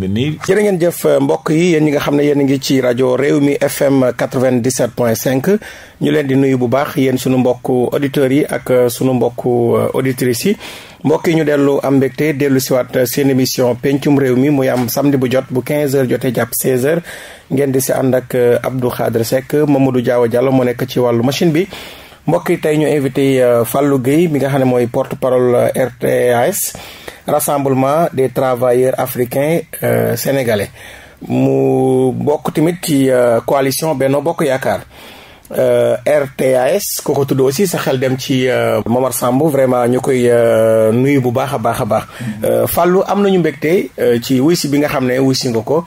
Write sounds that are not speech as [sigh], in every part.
jërë ngeen jëf euh, mbokk yi yéen ñi nga xam ne yéen a ngi ci rajo réew mi FM 97.5 ñu leen di nuyu bu baax yéen sunu mbokku auditeurs yi ak euh, sunu mbokku euh, auditrices yi mbokk yi ñu dellu am mbégte dellu siwaat seen émission pencum réew mi muy am samedi bu jot bu 15h jotee jàpp 16h ngeen di si ànd ak Abdou Khadre Seck Mamadou Diaw Diallo mu nekk ci wàllu machine bi mbokk yi tey ñu invité Fallou Guèye mi nga xam ne mooy porte parole RTS. rassemblement des travailleurs africain euh, sénégalais mu bokk tamit ci euh, coalition Benno Bokk Yaakaar euh, RTAS ku ko tudd aussi sa xel dem ci euh, Momar Samb vraiment ñu koy nuyu bu baax a baax a baax Fallou am nañu mbégte ci wuy si bi nga xam ne wuy si nga ko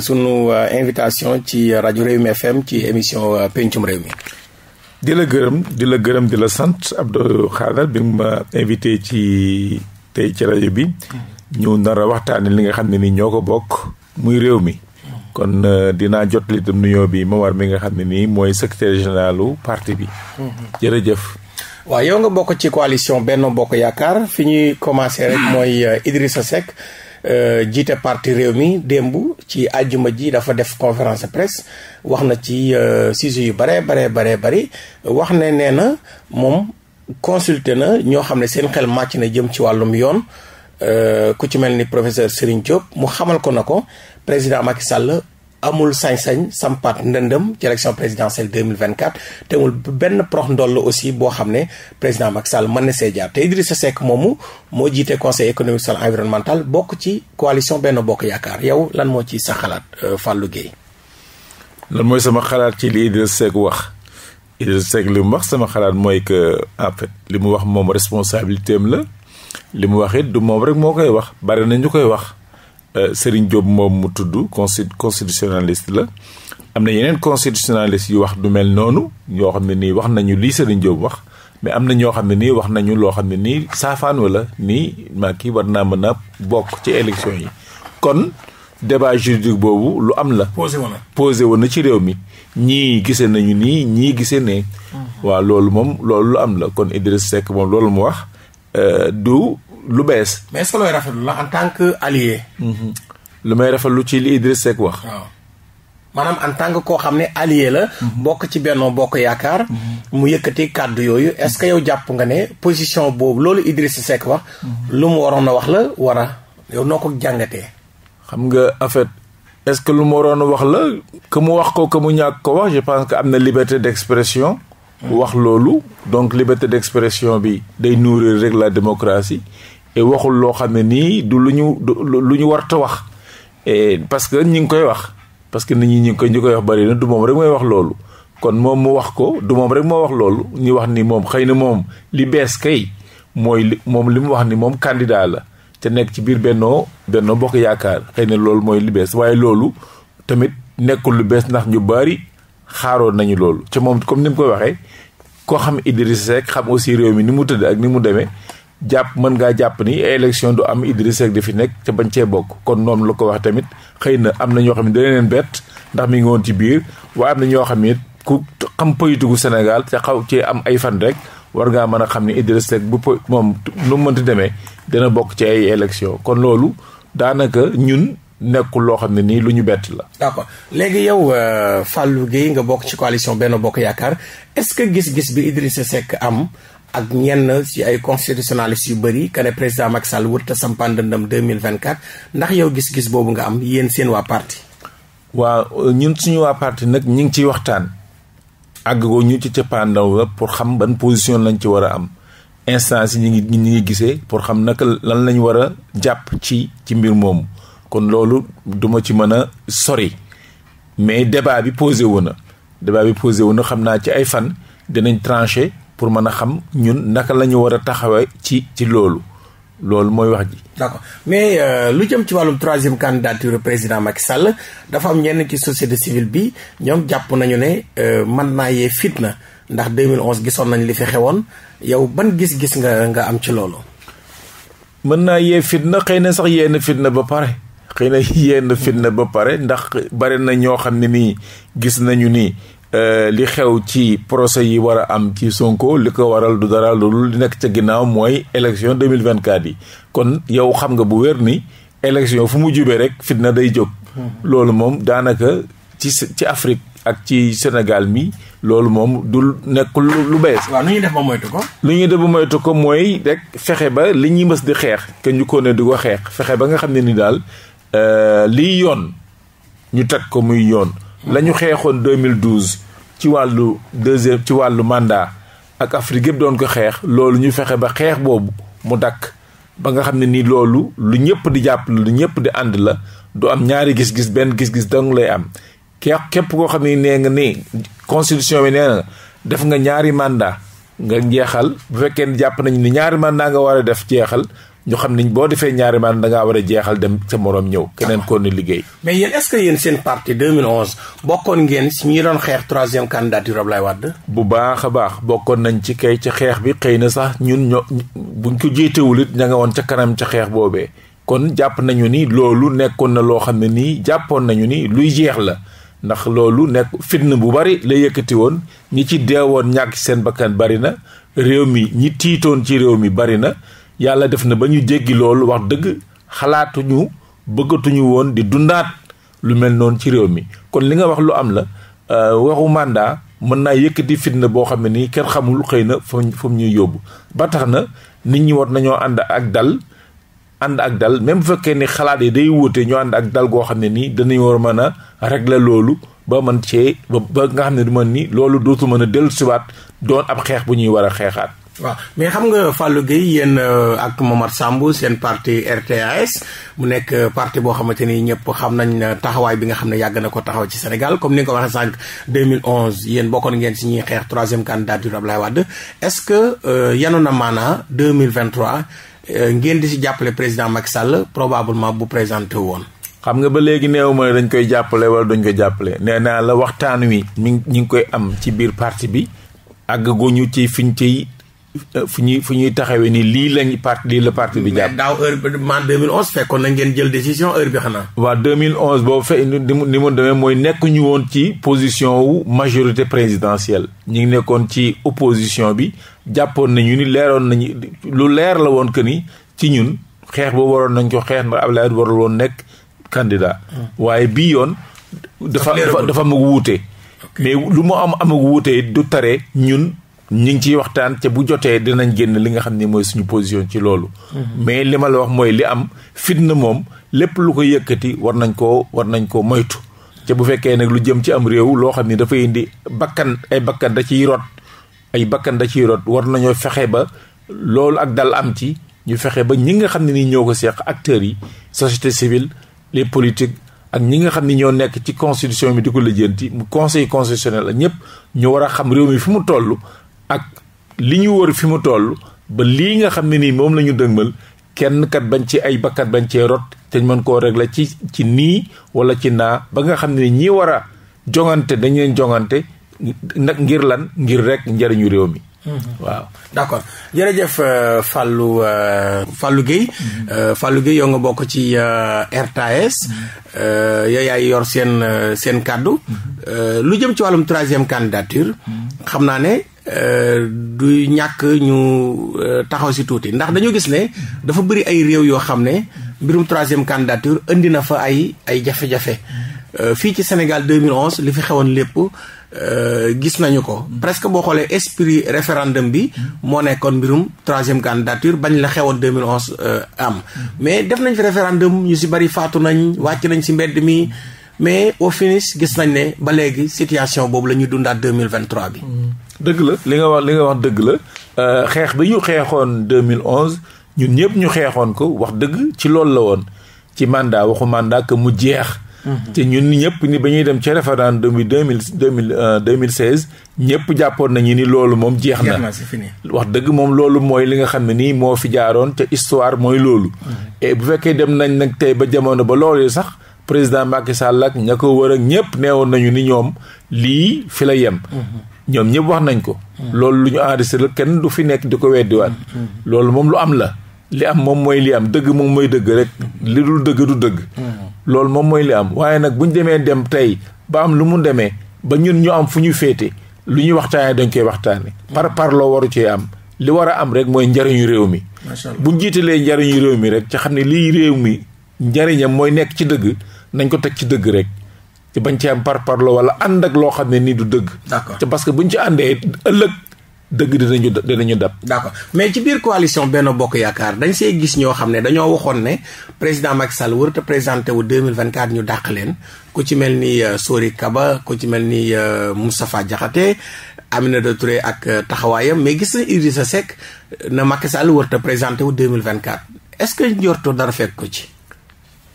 sunu invitation ci rajo Rewmi FM ci émission pencum réew mi di la gërëm di la gërëm di la sant Abdou Khadre bi ma invité ci tey ci rajo bi ñëw nar a waxtaane li nga xam ne nii ñoo ko bokk muy réew mi kon euh, dinaa jot li itam nuyoo bi Momar mi nga xam ne nii mooy secrétaire généralu parti bi jërëjëf waa yow nga bokk ci coalition benn Bokk Yaakaar fi ñuy commencé rek mooy euh, sa Seck euh, jiite parti réew mi démb ci àjjuma ji dafa def conférence de wax na ci sujet yu bare bare bare bari wax ne nee na moom consulté na ñoo xam ne seen xel màcc na jëm ci wàllum yoon euh, ku ci mel ni professeur Serigne Diop mu xamal ko na ko président Macky Sall amul sañ-sañ sampat ndëndëm ci élection présidentielle 2024 te amul benn prox ndoll aussi boo xam ne président Macky Sall mën na see jaar te Idrissa Seck moomu moo jiite conseil économique social environnemental bokk ci coalition Benno Bokk Yaakaar yow lan moo ci sa xalaat euh, Fallou Gueye lan mooy sama xalaat ci li Idrissa Seck wax Idrissa Seck li mu wax sama xalaat mooy que en fait li mu wax moom responsabilité am la li mu wax it du moom rek moo koy wax bari na ñu koy wax euh, Serigne Diop moom mu tudd consti constitutionnaliste la am na yeneen constitutionnaliste yu wax du mel noonu ñoo xam ne nii wax nañu lii Serigne Diop wax mais am na ñoo xam ne nii wax nañu loo xam ne nii saafaan wala nii maa kii war naa mën a bokk ci élection yi kon. débat juridique boobu lu am la. posé woon na posé woon na ci réew mi ñii gisee nañu nii ñii gisee ne. Mm-hmm. waaw loolu moom loolu lu am la kon Idriss Seck moom loolu mu wax euh, du lu bees. mais est rafet lu looy la en tant que allié. Mm-hmm. lu may rafet lu ci li Idriss Seck wax. maanaam en tant koo xam ne allier la. Mm-hmm. bokk ci Benno Bokk Yaakaar. mu yëkkati kàddu yooyu est-ce que yow jàpp nga ne position boobu loolu Idriss Seck wax. lu mu waroon a wax la war a yow noo ko jàngatee. xam nga en fait est-ce que lu ma waroon wax la que mu wax ko que mu ñàkk ko wax je pense que am na liberté d'expression wax loolu donc liberté d'expression bi day nourrir rek la démocratie et waxul loo xam ne nii du lu ñu lu ñu warta wax parce que ñi ngi koy wax parce que nit ñi ñi ngi koy ñu koy wax bari na du moom rek mooy wax loolu kon moom mu wax ko du moom rek moo wax loolu ñu wax ni moom xëy na moom li bees kay mooy li moom li mu wax ni moom candidat la te nekk ci biir bennoo bennoo bokk yaakaar xëy na loolu mooy lu waaye loolu tamit nekkul lu bees ndax ñu bari xaaroon nañu loolu ca moom comme ni mu koy waxee koo xam Idriss Seck xam aussi réew mi ni mu tëdd ak ni mu demee jàpp mën ngaa jàpp ni élection du am Idriss Seck dafi nekk ca bañ cee bokk kon noonu la ko wax tamit xëy na am na ñoo xam ne dana leen bett ndax mi ngi woon ci biir waa am na ñoo xam ne ku xam politiku Sénégal ca xaw cee am ay fan rek war ngaa mën a xam ne Idriss Seck bu moom nu mu mënti demee dana bokk ci ay élection kon loolu daanaka ñun nekkul loo xam ne nii lu ñu bett la. d'accord léegi yow euh, fàllu Guèye nga bokk ci coalition benn Bokk Yaakaar est-ce que gis-gis bi Idriss Seck am. ak ñenn ci ay constitutionnalistes yu bëri que président Macky Sall wërta sampan dëndam 2024 ndax yow gis-gis boobu nga am yéen seen waa parti. waa ñun suñu waa parti nag ñu ngi ciy waxtaan àggagoo ñu ci cappaandaw la pour xam ban position lañ ci war a am instance yi ñu ngi ñu ngi gisee pour xam naka lan lañ war a jàpp ci ci mbir moomu kon loolu duma ci mën a sori mais débat bi posé wu na débat bi posé wu xam naa ci ay fan dinañ tranché pour mën a xam ñun naka la ñu war a taxawee ci ci loolu loolu mooy wax ji. ndax mais euh, lu jëm ci wàllum troisième candidature président Macky Sall dafa am ñenn ci société civile bi ñoom jàpp nañu ne euh, mën naa yee fitna ndax 2011 gisoon nañ li fi xewoon yow ban gis-gis nga nga am ci loolu. mën naa yee fitna xëy na sax yee na fitna ba pare. xëy na yee na fitna ba pare ndax bari na ñoo xam ne nii gis nañu nii. Euh, li xew ci procès yi war a am ci Sonko li ko waral du dara loolu li nekk ca ginnaaw mooy élection 2024 yi kon yow xam nga bu wér ni élection fu mu jubee rek fitna day jóg mhm. loolu moom daanaka ci ci Afrique ak ci Sénégal mi loolu moom du nekk lu bees. waaw lu ñuy def ba moytu ko. ñuy def ba moytu ko mooy rek fexe ba li ñuy mës di xeex. que ñu ko ne di ko xeex fexe ba nga xam ne ni daal euh, lii yoon ñu teg ko muy yoon. la ñu xeexoon 2012 ci wàllu deuxième ci wàllu mandat ak Afrique yëpp doon ko xeex loolu ñu fexe ba xeex boobu mu dakk ba nga xam ne nii loolu lu ñëpp di jàpp lu ñëpp di ànd la du am ñaari gis-gis benn gis-gis dong lay am képp koo xam ne nee nga ni constitution bi nee na def nga ñaari mandat nga jeexal bu fekkee jàpp nañu ni ñaari mandat nga war a def jeexal ñu xam niñ boo defee ñaari maan da war a jeexal dem ca moroom ñëw keneen ah. ko ni liggéey mais yéen est-ce que yéen seen parti 2011 bokkoon ngeen si ñi doon xeex troisième candidature Ablaye Wade bu baax a baax bokkoon nañ ci kay ca xeex bi xëy na sax ñun ñoo buñ ko jiitewul it ña woon ca kanam ca xeex boobee kon jàpp nañu ni loolu nekkoon na loo xam ne nii jàppoon nañu ni luy jeex la ndax loolu nekk fitna bu bari la yëkkati woon ñi ci deewoon ñàkk seen bakkan bari na réew mi ñi tiitoon ci réew mi bari na yàlla def na ba ñu jéggi loolu wax dëgg xalaatuñu bëggatuñu woon di dundaat lu mel noonu ci réew mi kon li nga wax lu am la euh, waxu mandat mën naa yëkkati fitna boo xam ne nii kenn xamul xëy na fa mu ñuy yóbbu ba tax na nit ñi war nañoo ànd ak dal ànd ak dal même bu fekkee ni xalaat yi day wuute ñu ànd ak dal goo xam ne nii danañu war mën a régler loolu ba mën cee ba nga xam ne du mën nii loolu dootu mën a dellu siwaat doon ab xeex bu ñuy war a xeexaat waaw mais xam nga Fallou gi yéen euh, ak Momar Samb seen parti RTAS mu nekk euh, parti boo xamante nii ñëpp xam nañ euh, taxawaay bi nga xam ne yàgg na ko taxaw ci Sénégal comme ni nga ko waxee sànq 2011 yéen bokkoon ngeen si ñuy xeex troisième candidature Abdoulaye Wade est-ce que yanu na maanaa 2023 ngeen di si jàppale président Macky Sall probablement bu présenté woon. xam nga ba léegi néew ma dañ koy jàppale wala duñ ko jàppale nee naa la waxtaan wi. mi ñu ngi koy am ci biir parti bi. àgg gu ci fiñ ciy fu ñuy fu ñuy taxawee nii lii lañ parti lii la parti bi jàpp. mais daaw heure bi man 2011 fekkoon na ngeen jël décision heure bi xanaa. waaw 2011 ni mu ni mu demee mooy nekkuñu woon ci position wu majorité présidentielle ñu ngi nekkoon ci opposition bi jàppoon nañu ni leeroon nañu lu leer la woon que ni ci ñun xeex boobu waroon nañ ko xeex ndax Abdoulaye warul woon nekk candidat. Hmm. waaye bii yoon. dafa dafa dafa mu wuute. mais lu mu am amag wuute du tare ñun. ñu ngi ciy waxtaan te bu jotee dinañ génn li nga xam ni mooy suñu position ci loolu. Mm-hmm. mais li ma la wax mooy li am fitna moom lépp lu ko yëkkati war nañ koo war nañ ko moytu. te bu fekkee nag lu jëm ci am réew loo xam ni dafay indi bakkan ay bakkan da ciy rot ay bakkan da ciy war nañoo fexe ba loolu ak dal am ci ñu fexe ba ñi nga xam ne ni ñoo ko seq acteurs yi société civile les politiques ak ñi nga xam ni ñoo nekk ci constitution bi di ko lijjanti mu conseil constitutionnel ak ñëpp ñu war a xam réew mi fi mu toll ak li ñu wër fi mu toll ba lii nga xam ne nii moom la ñu dëgmal kenn kat bañ ci ay bakkat bañ ci rot te mën koo régler ci ci nii wala ci naa ba nga xam ne ñi war a jongante dañu leen jongante nag ngir lan ngir rek njëriñu réew mi. Mm-hmm. waaw d'accord jërëjëf euh, Fallou euh, Fallou Guèye mm-hmm. euh, Fallou Guèye yow nga bokk ci RTS mm-hmm. yow yaay yor seen seen kàddu lu jëm ci wàllum troisième candidature xam naa ne. du ñàkk ñu euh, taxaw si tuuti ndax dañoo gis ne dafa bëri ay réew yoo xam ne mbirum troisième candidature indi na fa ay ay jafe-jafe euh, fii ci Sénégal 2011 li fi xewoon lépp euh, gis nañu ko presque boo xoolee esprit référendum bi moo nekkoon mbirum troisième candidature bañ la xewoon 2011 am mais def nañ fi référendum ñu si bari faatu nañ wàcc nañ si mbedd mi mais au finish gis nañ ne ba léegi situation boobu la ñuy dundaat 2023 bi dëgg la li nga wax li nga wax dëgg la euh, xeex bi ñu xeexoon mille 2011 ñun ñëpp ñu xeexoon ko wax dëgg ci loolu la woon ci mandat waxu mandat que mu jeex. Mhm. te ñun ñëpp ni ba ñuy dem ci référendum bi deux mille deux mille euh, deux mille seize ñëpp jàppoon nañu ni loolu moom jeex na wax dëgg moom loolu mooy li nga xam ne nii moo fi jaaroon te histoire mooy loolu mhm. bu fekkee dem nañ nag tey ba jamono ba loolu sax président Macky Sall ak ña ko wër ak ñëpp neewoon nañu ni ñoom lii fi la yem mhm. ñoom ñëpp wax nañ ko. Hmm. loolu lu ñu enregistré la kenn du fi nekk di ko weddiwaat. Hmm. loolu moom lu am la. li am moom mooy li am dëgg moom mooy dëgg rek hmm. li dul dëgg du dëgg. loolu moom mooy li am waaye nag bu ñu demee dem tey ba am lu mu demee ba ñun ñu am fu ñu féete lu ñuy waxtaanee dañ koy waxtaanee. par par loo waru cee am li war a am rek mooy njariñu réew mi. macha allah bu ñu jiitalee njariñu réew mi rek ci xam ne lii réew mi njariñam mooy nekk ci dëgg nañ ko teg ci dëgg rek. ci bañ ci am par parlo wala ànd ak loo xam ne nii du dëgg. d'accord parce que buñ ci àndee ëllëg dëgg ñu dinañu dinañu dab. d'accord mais ci biir coalition benn Bokk Yaakaar dañ see gis ñoo xam ne dañoo waxoon ne président Macky Sall warut a présenté wu 2024 ñu dàq leen ku ci mel ni euh, Sori Kaba ku ci mel ni euh, Moustapha Diakhaté Aminata Touré ak euh, taxawaayam mais gis na sa Seck na Macky Sall warut a présenté wu 2024 est-ce que njorto dara fekk ko ci.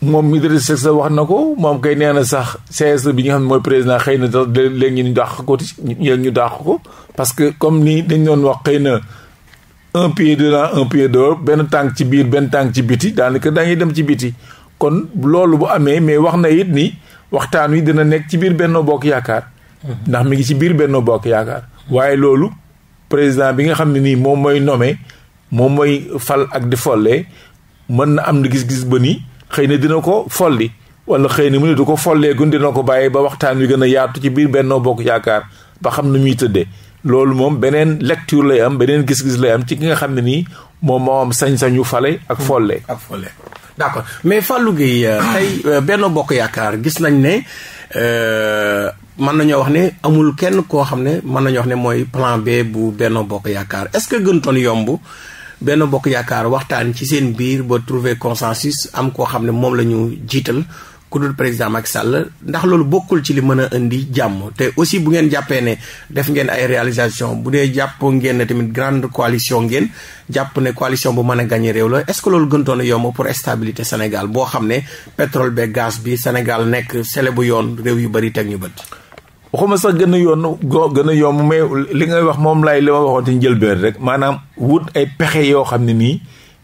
moom Idrissa sa wax na ko moom kay nee na sax CSE bi nga xam ne mooy président xëy na da léegi ñu dàq ko ci ñu dàq ko parce que comme nii dañ doon wax xëy na un pied dedans un pied dehors benn tànk ci biir benn tànk ci biti daanaka dañuy dem ci biti kon loolu bu amee mais wax na it ni waxtaan wi dina nekk ci biir benn Bokk Yaakaar ndax mi ngi ci biir Benno Bokk Yaakaar waaye loolu président bi nga xam ne nii moom mooy nome moom mooy fal ak di folle mën na am na gis-gis ba nii xëy na dina ko folli wala xëy na mu ne du ko follee folleegun dina ko bàyyi ba waxtaan wi gën a yaatu ci biir Benno Bokk Yaakaar ba xam nu muy tëddee loolu moom beneen lecture lay am beneen gis-gis lay am ci ki nga xam ne nii moom moo am sañ-sañu fale ak folle. ak folle d'accord mais Fallou gi euh, tey euh, Benno Bokk Yaakaar gis nañ ne euh, mën nañoo wax ne amul kenn koo xam ne mën nañoo wax ne mooy plan B bu Benno Bokk Yaakaar est-ce que gëntoon yomb. benn bokk yaakaar waxtaan ci seen biir ba trouver consensus am koo xam ne moom la ñu jiital ku dul président Macky Sall ndax loolu bokkul ci li mën a indi jàmm te aussi bu ngeen jàppee ne def ngeen ay réalisation bu dee jàpp ngeen ne tamit grande coalition ngeen jàpp ne coalition bu mën a gagné réew la est-ce que loolu gëntoon yomb pour stabilité Sénégal boo xam ne pétrole be gaz bi Sénégal nekk sele bu yoon réew yu bëri teg ñu bët waxuma sax gën a yoon goo gën a yomb mais li ngay wax moom laay li ma waxoon ci njëlbeen rek maanaam wut ay pexe yoo xam ne nii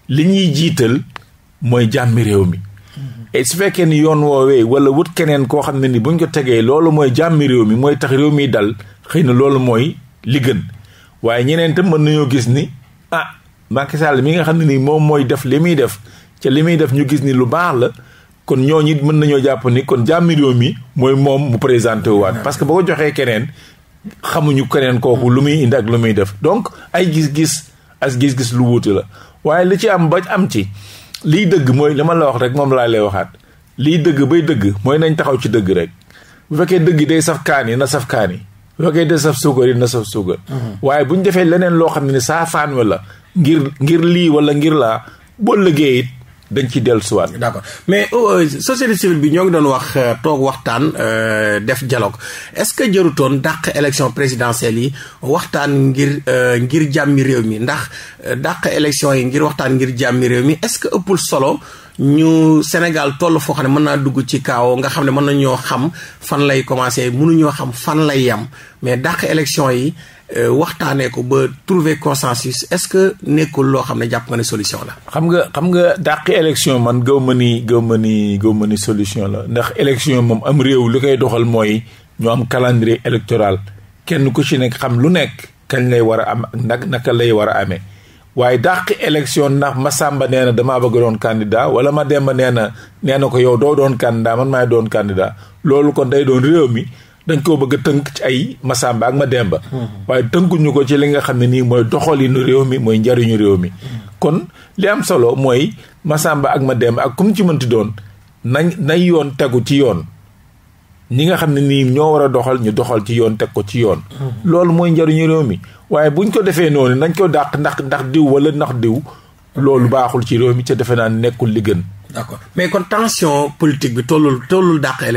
li ñuy jiital mooy jàmmi réew mi su fekkee ni yoon woowee wala wut keneen koo xam ne ni buñ ko tegee loolu mooy jàmmi réew mi mooy tax réew mi dal xëy na loolu mooy li gën waaye ñeneen tam mën nañoo gis ni ah Macky Sall mi nga xam ne nii moom mooy def li muy def ca li muy def ñu gis ni lu baax la kon ñooñu it mën nañoo jàpp ni kon jàmmi réew mi mooy moom mu présenté waat parce que boo ko joxee keneen xamuñu keneen kooku lu muy indi ak lu muy def donc ay gis-gis as gis-gis lu wuute la waaye li ci am ba am ci liy dëgg mooy li ma la wax rek moom laa lay waxaat liy dëgg bay dëgg mooy nañ taxaw ci dëgg rek bu fekkee dëgg day saf kaani na saf kaani bu fekkee day saf suukar yi na saf suukar mm-hmm. waaye bu ñu defee leneen loo xam ne saa faan la ngir ngir lii wala ngir laa boo liggéey it dañ ci dellu siwaat d'accord mais oh, euh, société civile bi ñoo ngi doon wax euh, toog waxtaan euh, def dialogue est-ce que jarutoon dàq élection présidentielle yi waxtaan ngir ngir jàmmi réew mi ndax dàq élection yi ngir waxtaan ngir jàmmi réew mi est-ce que ëppul solo ñu Sénégal toll foo xam ne mën naa dugg ci kaaw nga xam ne mën nañoo xam fan lay commencer mënuñoo xam fan lay yem mais dàq élection yi Euh, waxtaanee ko ba trouver consensus est-ce que nekkul loo xam ne jàpp nga ne solution la. xam nga xam nga dàq élection man gëw ma ni gëw ma ni gëw ma ni solution la ndax élection moom am réew lu koy doxal mooy ñu am calendrier électoral kenn ku ci nekk xam lu nekk kañ lay war a am ak nag naka lay war a amee. waaye dàq élection ndax ma Masamba nee na damaa bëgg doon candidat wala ma Demba nee na nee na ko yow doo doon candidat man maay doon candidat loolu ko day doon dañ koo bëgg a tënk ci ay Masamba ak Mademba waaye tënkuñu ko ci li nga xam ne nii mooy doxalinu réew mi mooy njariñu réew mi kon li am solo mooy Masamba ak ma Mademba ak kum ci mënti doon nañ nañ yoon tegu ci yoon ñi nga xam ne nii ñoo war a doxal ñu doxal ci yoon teg ko ci yoon loolu mooy njariñu réew mi waaye buñ ko defee noonu nañ ko dàq ndax ndax diw wala ndax diw loolu baaxul ci réew mi ca defe naa nekkul li gën mais kon tension politique bi tollul tollul dàq yi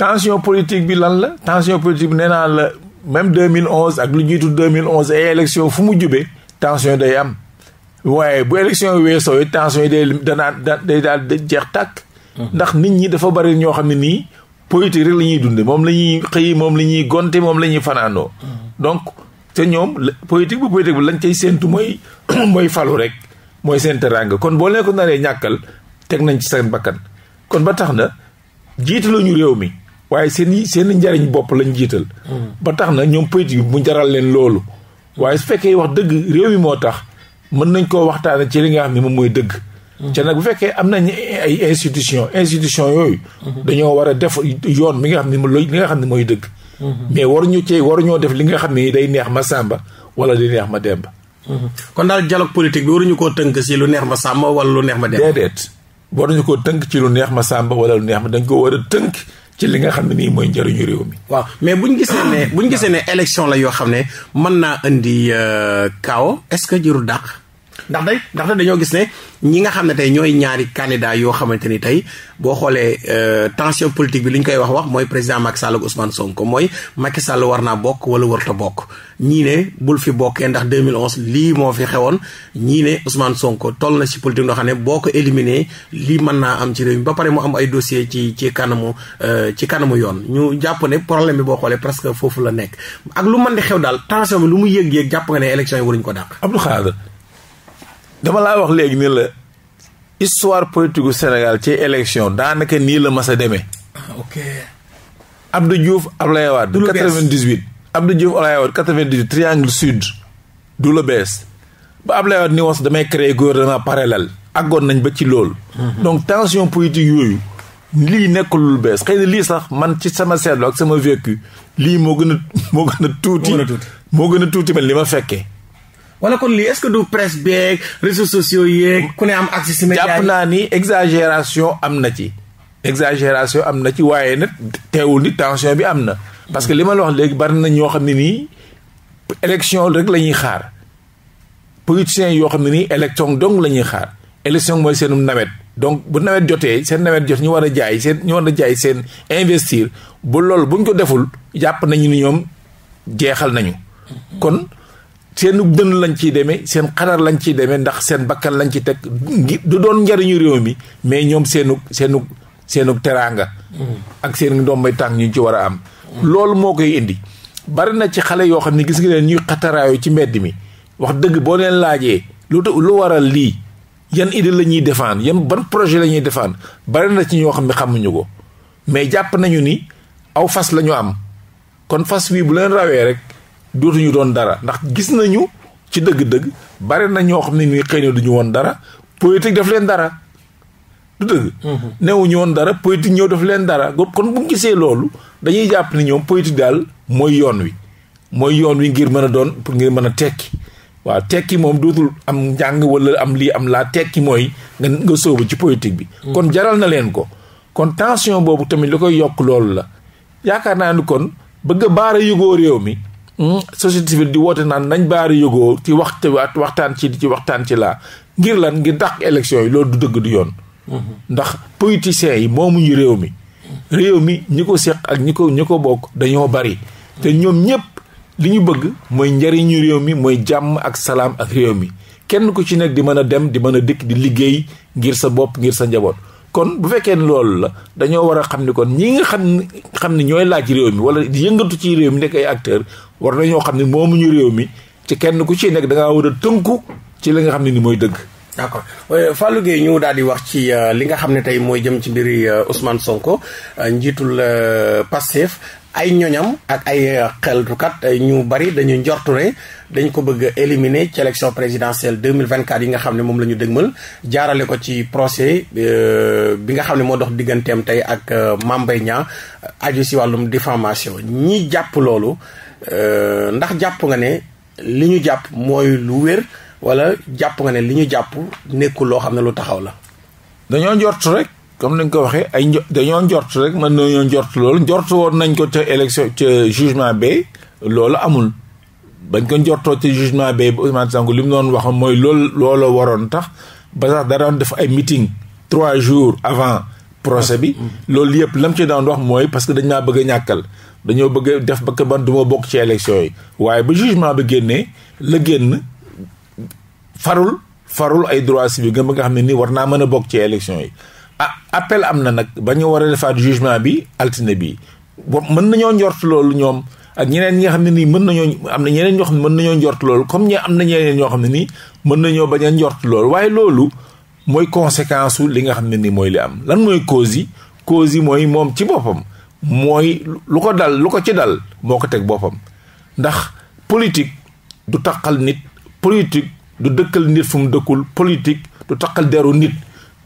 tension politique bi lan la tension politique bi nee naa la même 2011 ak lu jiitu 2011 ay élection fu mu jubee tension day am waaye bu élection yi weesoo tension yi day danaan day daal jeex tàkk mhm. ndax nit ñi dafa bari ñoo xam ne nii politique rek la ñuy dunde moom la ñuy xëyi moom la ñuy gonte moom la ñuy fanaanoo mhm. donc te ñoom politique bu politique bi lañ cay séentu mooy [clears throat] mooy falu rek mooy seen teraanga kon boo leen ko naree ñàkkal teg nañ ci seen bakkan kon ba tax na jiitaluñu réew mi waaye seen i seen njariñ bopp lañu jiital. ba tax na ñoom politique bi mu jaral leen loolu. waaye su fekkee wax dëgg réew mi moo tax mën nañ koo waxtaanee ci li nga xam ne moom mooy dëgg. ca nag bu fekkee am nañ ay institution institution yooyu. dañoo war a def yoon mi nga xam ne li nga xam ne mooy dëgg. mais waruñu cee waruñoo def li nga xam ne day neex ma sàmba wala day neex ma demba. kon daal dialogue politique bi waruñu koo tënk si lu neex ma sàmba wala lu neex ma demba. déedéet waruñu koo tënk ci lu neex ma sàmba wala lu neex ma dañ ko war a tënk. ci li nga xam ne nii mooy njëriñu réew mi. waaw mais bu ñu gisee ne bu ñu gisee ne élection la yoo xam ne mën naa indi kaw euh, est-ce que jëru dàq. ndax day ndax dañoo gis ne ñi nga xam ne tey ñooy ñaari candidat yoo xamante ni tey boo xoolee euh, tension politique bi li ñu koy wax wax mooy président Macky Sall ak Ousmane Sonko mooy Macky Sall war naa bokk wala warta bokk ñii ne bul fi bokkee ndax 2011 lii moo fi xewoon ñii ne Ousmane Sonko toll na ci politique noo xam ne boo ko éliminé lii mën naa am ci réew mi ba pare mu am ay dossier ci ci kanamu euh, ci kanamu yoon ñu jàpp ne problème bi boo xoolee presque foofu la nekk ak lu mën di xew daal tension bi lu mu yëg-yëg jàpp nga ne élection yi waruñu ko dàq Abdou Khadre dama laa wax léegi ni la histoire politique gu Sénégal ci élection daanaka nii la ma a demee. Ah, ok. Abdou Diouf Ablaye Wade. du la bees 98. Abdou Diouf Ablaye Wade 98 triangle sud. du la bees ba Ablaye Wade ni woon damay créer gouvernement parallèle. àggoon nañ ba ci loolu. Mhm. donc tension politique yooyu. lii nekkulul lu bees xëy na lii sax man ci sama seetlu ak sama vécu lii moo gën a [laughs] moo gën a tuuti. moo gën a tuuti man li ma fekkee. wala kon lii est-ce que du presse beeg réseau sociaux yeeg. ku ne am accès ci média jàpp naa nii exagération am na ci. exagération am na ci waaye nag teewul ni tension bi am na. parce que li ma la wax léegi bari na ñoo xam ne nii élection rek la ñuy xaar politiciens yoo xam ne nii élection dong la ñuy xaar élection mooy seenu nawet donc bu nawet jotee seen nawet jot ñu war a jaay seen ñu war a jaay seen investir bu loolu buñ ko deful jàpp nañu ni ñoom jeexal nañu kon. seenu dënn lañ ciy demee seen xadar lañ ciy demee ndax seen bakkan lañ ci teg du doon njariñu réew mi mais ñoom seenu seenu seenu teraanga mm. ak seen ndombay tànk ñu ci war a am loolu moo koy indi bari na ci xale yoo xam ne gis nga leen ñuy xataraayu ci mbedd mi wax dëgg boo leen laajee lu lu waral lii yan idée la ñuy défendre yan ban projet la ñuy défendre bari na ci ñoo xam ne xamuñu ko mais jàpp nañu ni aw fas la ñu am kon fas wii bu leen rawee rek dootuñu doon dara ndax gis nañu ci dëgg-dëgg bare na ñoo xam ne nii xëy na duñu woon dara politique daf leen dara du dëgg. Mhm. newuñu woon dara politique ñëw daf leen dara kon bu ñu gisee loolu dañuy jàpp ni ñoom politique daal mooy yoon wi mooy yoon wi ngir mën a doon pour ngir mën a tekki. waaw tekki moom dootul am njàng wala am lii am laa tekki mooy nga nga sóobu ci politique bi. Mhm. kon jaral na leen ko. kon tension boobu tamit lu koy yokk loolu la. yaakaar naa ni kon bëgg a baara réew mi. Hmm? société civile di woote naan nañ baari yogoo ci waxte waat waxtaan ci ci waxtaan ci laa ngir lan ngir dàq élection yi loolu du dëgg du yoon hmm. ndax politiciens yi moomuñu réew mi réew mi ñi ko seq ak ñi ko ñu ko bokk dañoo bari te ñoom ñëpp li ñu bëgg mooy njariñu réew mi mooy jàmm ak salaam ak réew mi kenn ku ci nekk di mën a dem di mën a dikk di liggéey ngir sa bopp ngir sa njaboot kon bu fekkee ne loolu la dañoo war a xam ni kon ñi nga xam xam ne ñooy laaj réew mi wala di yëngatu ci réew mi nekk ay acteurs war nañoo xam ne moomuñu réew mi ci kenn ku ci nekk dangaa war a tënku ci li nga xam ne ni mooy dëgg. d' accord euh, Fallou Gueye ñu daal di wax ci euh, li nga xam ne tey mooy jëm ci mbiri euh, Ousmane Sonko njiitul Pastef ay ñoñam ak ay xeltukat ñu bari dañu njortu ne dañ ko bëgg a éliminer ci élection présidentielle 2024 yi nga xam ne moom lañu ñu dëgmal jaarale ko ci procès bi nga xam ne moo dox digganteem tey ak Mame Mbaye Niang aju si wàllum diffamation ñi jàpp loolu Euh, ndax jàpp nga ne li ñu jàpp mooy lu wér wala jàpp nga ne li ñu jàpp nekkul loo xam ne lu taxaw la. dañoo njort rek comme ni nga ko waxee ay dañoo njort rek mën nañoo njort loolu njort woon nañ ko ca élection ca jugement bi loolu amul. bañ ko njortoo ci jugement bi ba Ousmane Sonko li mu doon wax mooy loolu looloo waroon tax ba sax da doon def ay meeting trois jours avant. procès bi loolu yëpp lam ci daan wax mooy parce que dañ maa bëgg a ñàkkal dañoo bëgg def ba que man du bokk ci élection yi waaye ba jugement bi génnee la génn farul farul ay droit civique nga nga xam ne nii war naa mën a bokk ci élection yi ah appel am na nag ba ñu war a defaat jugement bi altine bi mën nañoo njort loolu ñoom ak ñeneen ñi nga xam ne nii mën nañoo am na ñeneen ñoo xam ne mën nañoo njort loolu comme ñi am na ñoo xam ne nii mën nañoo bañ a njort loolu waaye loolu mooy conséquence su li nga xam ne ni mooy li am lan mooy cause yi cause yi mooy moom ci boppam mooy lu ko dal lu ko ci dal moo ko teg boppam ndax politique du taqal nit politique du dëkkal nit fu mu dëkkul politique du taqal deru nit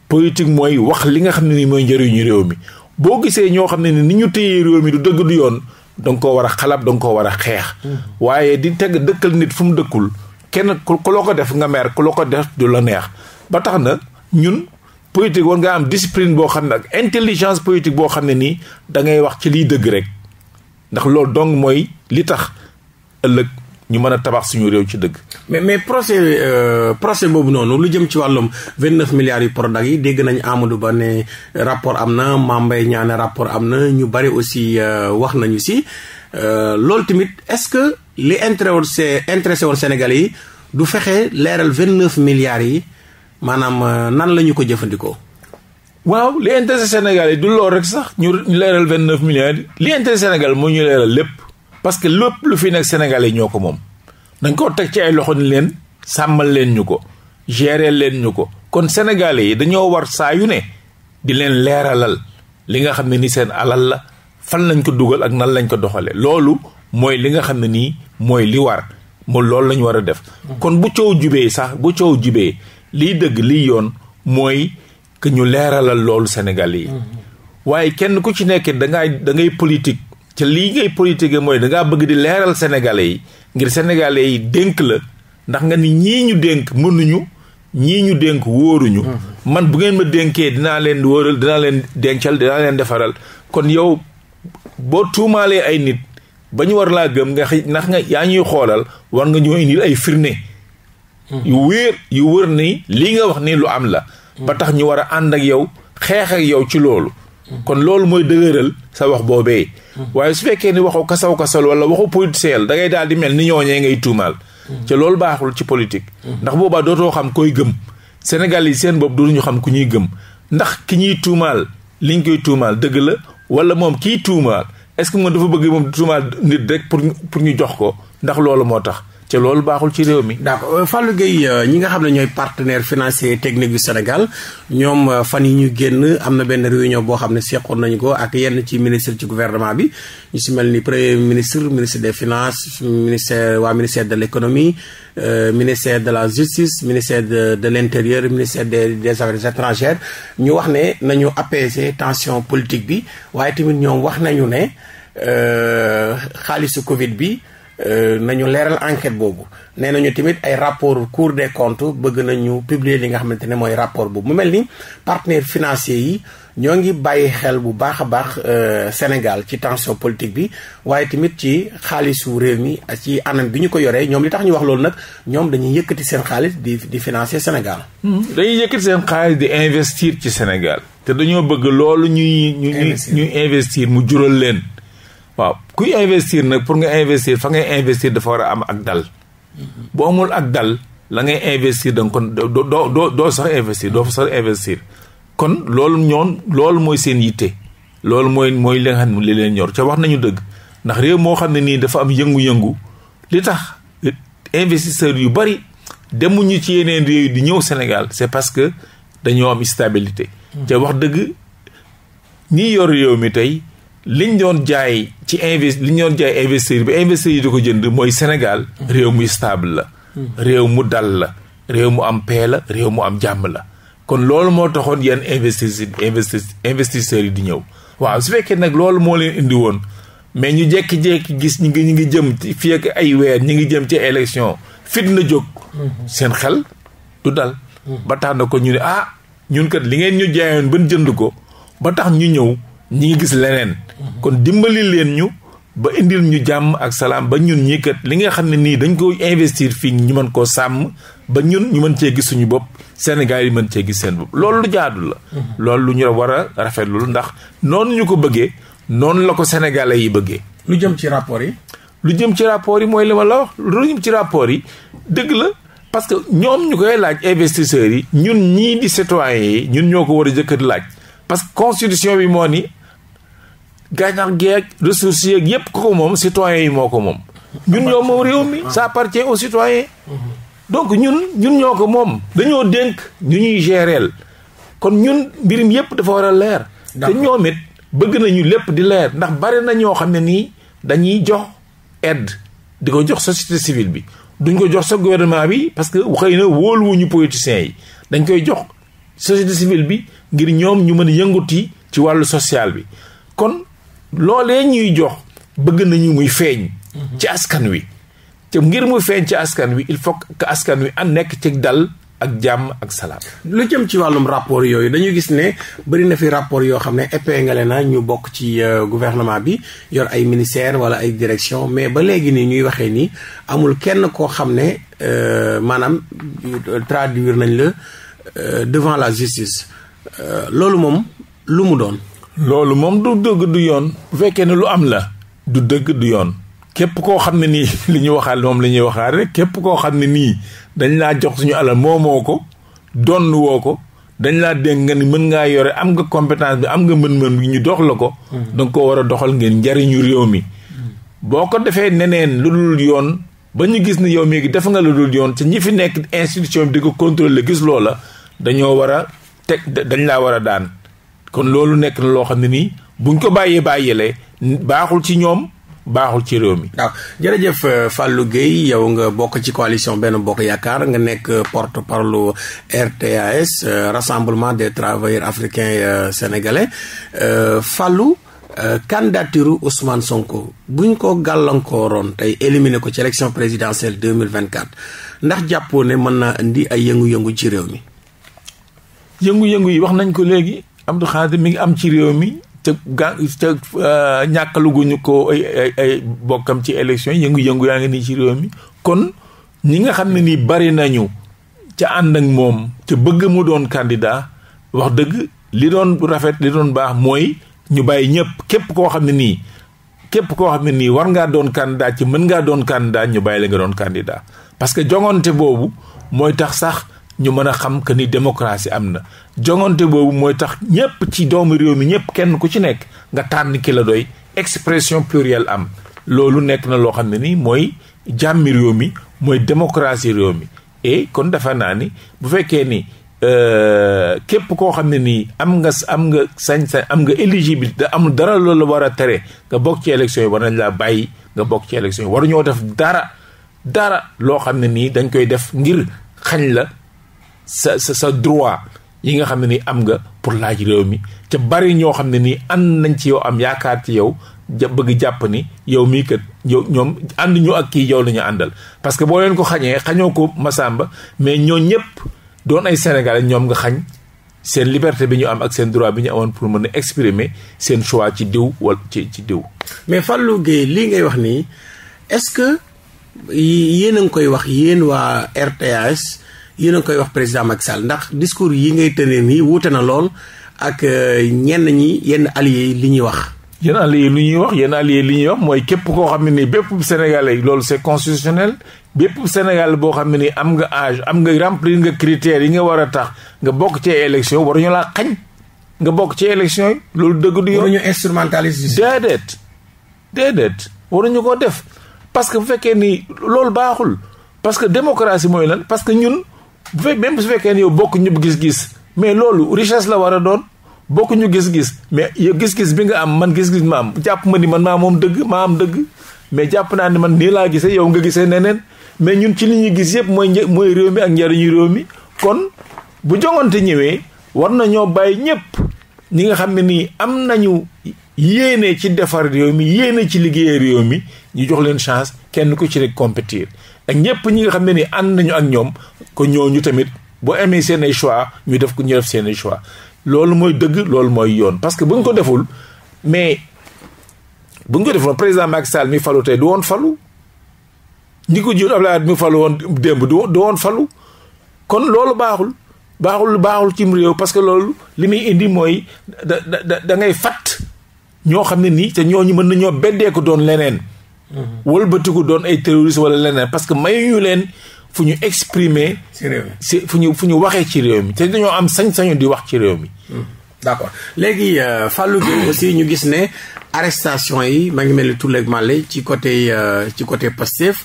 politique mooy wax li nga xam ne ni mooy njëriñu réew mi boo gisee ñoo xam ne ni ni ñu téyee réew mi du dëgg du yoon danga koo war a xalab danga koo war a xeex hmm. waaye di teg dëkkal nit fu mu dëkkul kenn ku loo ko def nga mer ku loo ko def du la neex ba tax na ñun politique war nga am discipline boo xam ne ak intelligence politique boo xam ne nii da ngay wax ci liy dëgg rek ndax loolu donc mooy li tax ëllëg ñu mën a tabax suñu réew ci dëgg. mais mais procès euh, procès boobu noonu lu jëm ci wàllum vingt neuf milliards yu Prodac yi dégg nañ Amadou Ba ne rapport am na Mame Mbaye ñaane rapport am na ñu bari aussi euh, wax nañu si euh, loolu tamit est-ce que li intéressé intéressé woon Sénégal yi du fexe leeral vingt neuf milliards yi. maanaam euh, nan la ñu ko jëfandikoo. waaw li intérêt Sénégal yi du lool rek sax ñu leeral vingt neuf milliards yi li intérêt Sénégal moo ñu leeral lépp parce que lépp lu fi nekk Sénégal yi ñoo ko moom dañ ko teg ci ay loxo ni leen sàmmal leen ñu ko gérer leen ñu ko kon Sénégalais yi dañoo war saa yu ne di leen leeralal li nga xam ne nii seen alal la fan lañ ko dugal ak nan lañ ko doxalee loolu mooy li nga xam ne nii mooy li war mo loolu la ñu war a def mm-hmm. kon bu coow jubee sax bu coow jubee lii dëgg lii yoon mooy que ñu leeralal loolu Sénégal yi waaye kenn ku ci nekk dangaay da ngay politique te lii ngay politique mooy dangaa bëgg di leeral Sénégalais yi ngir Sénégalais yi dénk la ndax nga ni ñii ñu dénk mënuñu ñii ñu dénk wóoruñu man bu ngeen ma dénkee dinaa leen wóoral dinaa leen dencal dinaa leen defaral kon yow boo tuumaalee ay nit ba ñu war laa gëm nga ndax nga yaa ñuy xoolal war nga ñoo indil ay firnde yu wéer yu wër ni lii nga wax nii lu am la ba tax ñu war a ànd ak yow xeex ak yow ci loolu kon loolu mooy dëgëral sa wax boobee waaye su fekkee ni waxu kasaw kasal wala waxu politicien da ngay daal di mel ni ñooñee ngay tuumaal ca loolu baaxul ci politique ndax boobaa dootoo xam koy gëm Sénégal yi seen bopp dootuñu xam ku ñuy gëm ndax ki ñuy tuumaal liñ koy tuumaal dëgg la wala moom kiy tuumaal est-ce que moom dafa bëgg moom tuumaal nit rek pour pour ñu jox ko ndax loolu moo tax loolu baaxul ci réew mi. d'accord euh, Fallou Gueye euh, ñi nga xam ne ñooy partenaire financier technique du Sénégal ñoom euh, fan yi ñu génn am na benn réunion boo xam ne seqoon nañu ko ak yenn ci ministre ci gouvernement bi ñu si mel ni premier ministre ministre des finances ministère waa ministère de l'économie ministère de la justice ministère de de l'intérieur ministère des des affaires étrangères ñu wax ne nañu apaiser tension politique bi waaye tamit ñoom wax nañu ne xaalisu Covid bi. Euh, nañu leeral enquête boobu nee nañu tamit ay rapport cour des comptes bëgg nañu publier li nga xamante ne mooy rapport boobu mu mel ni partenaires financiers yi ñoo ngi bàyyi xel bu baax a baax euh, Sénégal ci tension politique bi waaye tamit ci xaalis xaalisu réew mi ci anam bi ñu ko yoree ñoom li tax ñu wax loolu nag ñoom dañuy yëkkati seen xaalis di di financer Sénégal. Hmm. dañuy yëkkati seen xaalis di investir ci Sénégal. te dañoo bëgg loolu ñuy ñu ñuy investir mu jural leen kuy investir nag pour nga investir fa ngay investir dafa war a am ak dal bu amul ak dal la ngay investir danga kon doo doo doo sax investir doo sax investir kon loolu ñoom loolu mooy seen yitte loolu mooy mooy li xam ne li leen ñor ca wax nañu dëgg ndax réew moo xam ne nii dafa am yëngu-yëngu li tax investisseurs yu bari demuñu ci yeneen réew di ñëw Sénégal c'est parce que dañoo am stabilité mm. ca wax dëgg nii yor réew mi tey liñ doon jaay ci invest liñ doon jaay investir bi investir yi di ko jënd mooy Sénégal réew muy stable la réew mu dal la réew mu am paix la réew mu am jàmm la kon loolu moo taxoon yenn investi investisseurs yi di ñëw waaw su fekkee nag loolu moo leen indi woon mais ñu jékki-jékki gis ñu ngi ñu ngi jëm ci fii ak ay weer ñu ngi jëm ci élection fitna jóg mm-hmm. seen xel du dal mm-hmm. ba tax na ko ñu ne ah ñun kat li ngeen ñu jaayoon ban jënd ko ba tax ñu ñëw ñi ngi gis leneen kon dimbali leen ñu ba indil ñu jàmm ak salaam ba ñun ñii kat li nga xam ne nii dañ ko investir fii ñu mën koo sàmm ba ñun ñu mën cee gis suñu bopp Sénégal yi mën cee gis seen bopp loolu lu jaadu la. loolu lu ñu war a rafetlu ndax noonu ñu ko bëggee noonu la ko sénégalais yi bëggee. lu jëm ci rapport yi. lu jëm ci rapport yi mooy li ma la wax lu jëm ci rapport yi dëgg la parce que ñoom ñu koy laaj investisseurs yi ñun ñii di citoyens ñun ñoo ko war a jëkkat laaj parce que constitution bi moo ni. gàncax geeg ressources yeeg yépp ko ko moom citoyens yi moo ko moom ñun ñoo moom réew mi sa appartient aux citoyens donc ñun ñun ñoo ko moom dañoo dénk ñu ñuy géreel kon ñun mbirim yépp dafa war a leer te ñoom bëgg nañu lépp di leer ndax bari na ñoo xam ne nii dañuy jox edd di ko jox société civile bi duñ ko jox sa gouvernement bi parce que xëy na wóoluwuñu politiciens yi dañ koy jox société civile bi ngir ñoom ñu mën a yënguti ci wàllu social bi kon loole ñuy jox bëgg nañu muy feeñ ci askan wi te ngir mu feeñ ci askan wi il faut que askan wi an nekk ci dal ak jàmm ak salaat lu jëm ci wàllum rapport yooyu dañu gis ne bëri na fi rapport yoo xam ne épinglé na ñu bokk ci euh, gouvernement bi yor ay ministère wala ay direction mais ba léegi nii ñuy waxee nii amul kenn koo xam ne euh, maanaam euh, traduire nañ la devant la justice loolu moom lu mu doon loolu moom du dëgg du yoon bu fekkee ne lu am la du dëgg du yoon képp koo xam ne nii [laughs] li ñuy waxaal moom li ñuy waxaat rek képp koo xam ne nii dañ laa jox suñu alal moomoo ko donn woo ko dañ laa dénk nga ni mën ngaa yore am nga compétence bi am nga mën-mën bi ñu dox la ko mm-hmm. danga ko war a doxal ngeen njariñu réew mi mm-hmm. boo ko defee neneen lu dul yoon ba ñu gis ni yow gi def nga lu dul yoon ci ñi fi nekk institution bi di ko contrôler gis loola dañoo war a teg dañ laa war a daan kon loolu nekk loo xam ne nii buñ ko bàyyee bàyyeele baaxul ci ñoom baaxul ci réew mi. waaw jërëjëf euh, Fallou Gueye yow nga bokk ci coalition benn bokk yaakaar nga nekk euh, porte parole RTAS euh, rassemblement des travailleurs africains sénégalais Fallou candidature Ousmane Sonko bu ñu ko gàllankooroon tey éliminer ko ci élection présidentielle deux mille vingt quatre ndax jàppoo ne mën naa indi ay yëngu-yëngu ci réew mi. yëngu-yëngu yi wax nañ ko léegi am Abdou Khadir mi ngi am ci réew mi te ga te euh, ñàkkaluguñu ko ay ay ay bokkam ci élection yi yëngu-yëngu yaa ngi nii ci réew mi kon ñi nga xam ne nii bari nañu ca ànd ak moom te bëgg mu doon candidat wax dëgg li doon rafet li doon baax mooy ñu bàyyi ñëpp képp koo xam ne nii képp koo xam ne nii war ngaa doon candidat ci mën ngaa doon candidat ñu bàyyi la nga doon candidat parce que joŋante boobu mooy tax sax ñu mën a xam que ni démocratie am na jongante boobu mooy tax ñépp ci doomu réew mi ñépp kenn ku ci nekk nga tànn ki la doy expression plurielle am loolu nekk na loo xam ne nii mooy jàmmi réew mi mooy démocratie réew mi et kon defe naa ni bu fekkee ni euh, képp koo xam ne nii am nga am nga sañ-sañ am nga éligibilité amul dara loolu war a tere nga bokk ci élection yi war nañ laa bàyyi nga bokk ci élection yi waruñoo def dara dara loo xam ne nii dañ koy def ngir xañ la sa sa sa droit yi nga xam ne ni am nga pour laaj réew mi ca bari ñoo xam ne nii ànd nañ ci yow am yaakaar ci yow ja bëgg jàpp ni yow mii kat yow ñoom ànd ñu ak kii yow lañu àndal parce que boo leen ko xañee xañoo ko Masamba mais ñoo ñëpp doon ay Sénégalais ñoom nga xañ seen liberté bi ñu am ak seen droit bi ñu amoon pour mën a exprimer seen choix ci diw wala ci ci diw. mais Fallou Gueye lii ngay wax nii est-ce que yéen a ngi koy wax yéen waa RTS. yéen a koy wax président Macky Sall ndax discours yi ngay tënee nii wuute na lool ak euh, ñenn ñi yenn alliés yi li ñuy wax. yenn alliés lu ñuy wax yenn alliés li ñuy wax mooy képp koo xam ne ni bépp sénégalais loolu c'est constitutionnel bépp sénégal boo xam ne ni am nga âge am nga remplir nga critères yi nga war a tax nga bokk ci élection waruñu laa xañ nga bokk ci élection yi loolu dëgg du yoon waruñu instrumentaliser déedéet déedéet waruñu ko def parce que bu fekkee ni loolu baaxul parce que démocratie mooy la parce que bu même su fekkee ne yow bokku ñu gis-gis mais loolu richesse la war a doon bokk ñu gis-gis mais yow gis-gis bi nga am man gis-gis ma am jàpp ma ni man maa moom dëgg maa am dëgg mais jàpp naa ni man nii laa gisee yow nga gisee neneen mais ñun ci li ñuy gis yëpp mooy mooy réew mi ak njariñu réew mi kon bu joŋante ñëwee war nañoo bàyyi ñëpp ñi nga xam ne nii am nañu yéene ci defar réew mi yéene ci liggéeyee réew mi ñu jox leen chance kenn ku ci rek compétir ak ñëpp ñi nga xam ne ni ànd nañu ak ñoom ko ñu tamit boo amee seen ay choix ñu def ko ñu def seen ay choix loolu mooy dëgg loolu mooy yoon parce que bu ñu ko deful mais bu ñu ko defoon président Macky Sall mi falu te du woon falu ñi ko jur Abdoulaye mi falu woon démb du woon falu kon loolu baaxul baaxul baaxul cim réew parce que loolu li muy indi mooy da da da ngay fàtt ñoo xam ne nii te ñoo ñu mën nañoo beddee ko doon leneen Mm-hmm. wëlbatiku doon ay terroriste wala leneen parce que mayuñu leen fu ñu exprimer ci si fu ñu fu ñu waxee ci réew mi te dañoo am sañ-sañu di wax ci réew mi mm-hmm. d'accord léegi euh, Fallou Gueye [coughs] si ñu gis ne arrestation yi maa ngi mel ni Tulle ak Malle ci côté euh, ci côté Pastef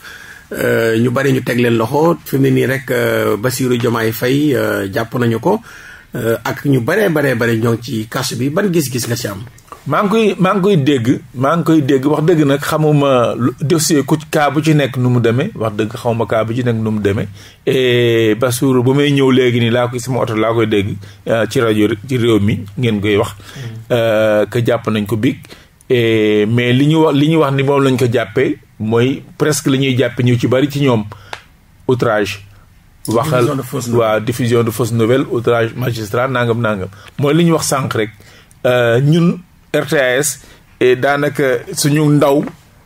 euh, ñu bari ñu teg leen loxo fi mu ne nii rek Bassirou Diomaye Faye jàpp nañu ko ak ñu baree baree bare ñoo ci kaso bi ban gis-gis nga ci am maa ngi koy maa ngi koy dégg maa ngi koy dégg wax dégg nag xamuma dossier ku kaa bu ci nekk nu mu demee wax dëgg xamuma kaa bu ci nekk nu mu demee et Bassirou ba may ñëw léegi nii laa koy sama oto laa koy dégg euh, ci rajo ci réew mi ngeen koy wax mm. euh, que jàpp nañ ko biig mais li ñu wax li ñu wax ni moom lañ ko jàppee mooy presque li ñuy jàppee ñu ci bari ci ñoom outrage waxal waaw diffusion de fausse nouvelle outrage magistrat nangam nàngam mooy li ñu wax sànq rek euh, ñun rtas daanaka suñu ndaw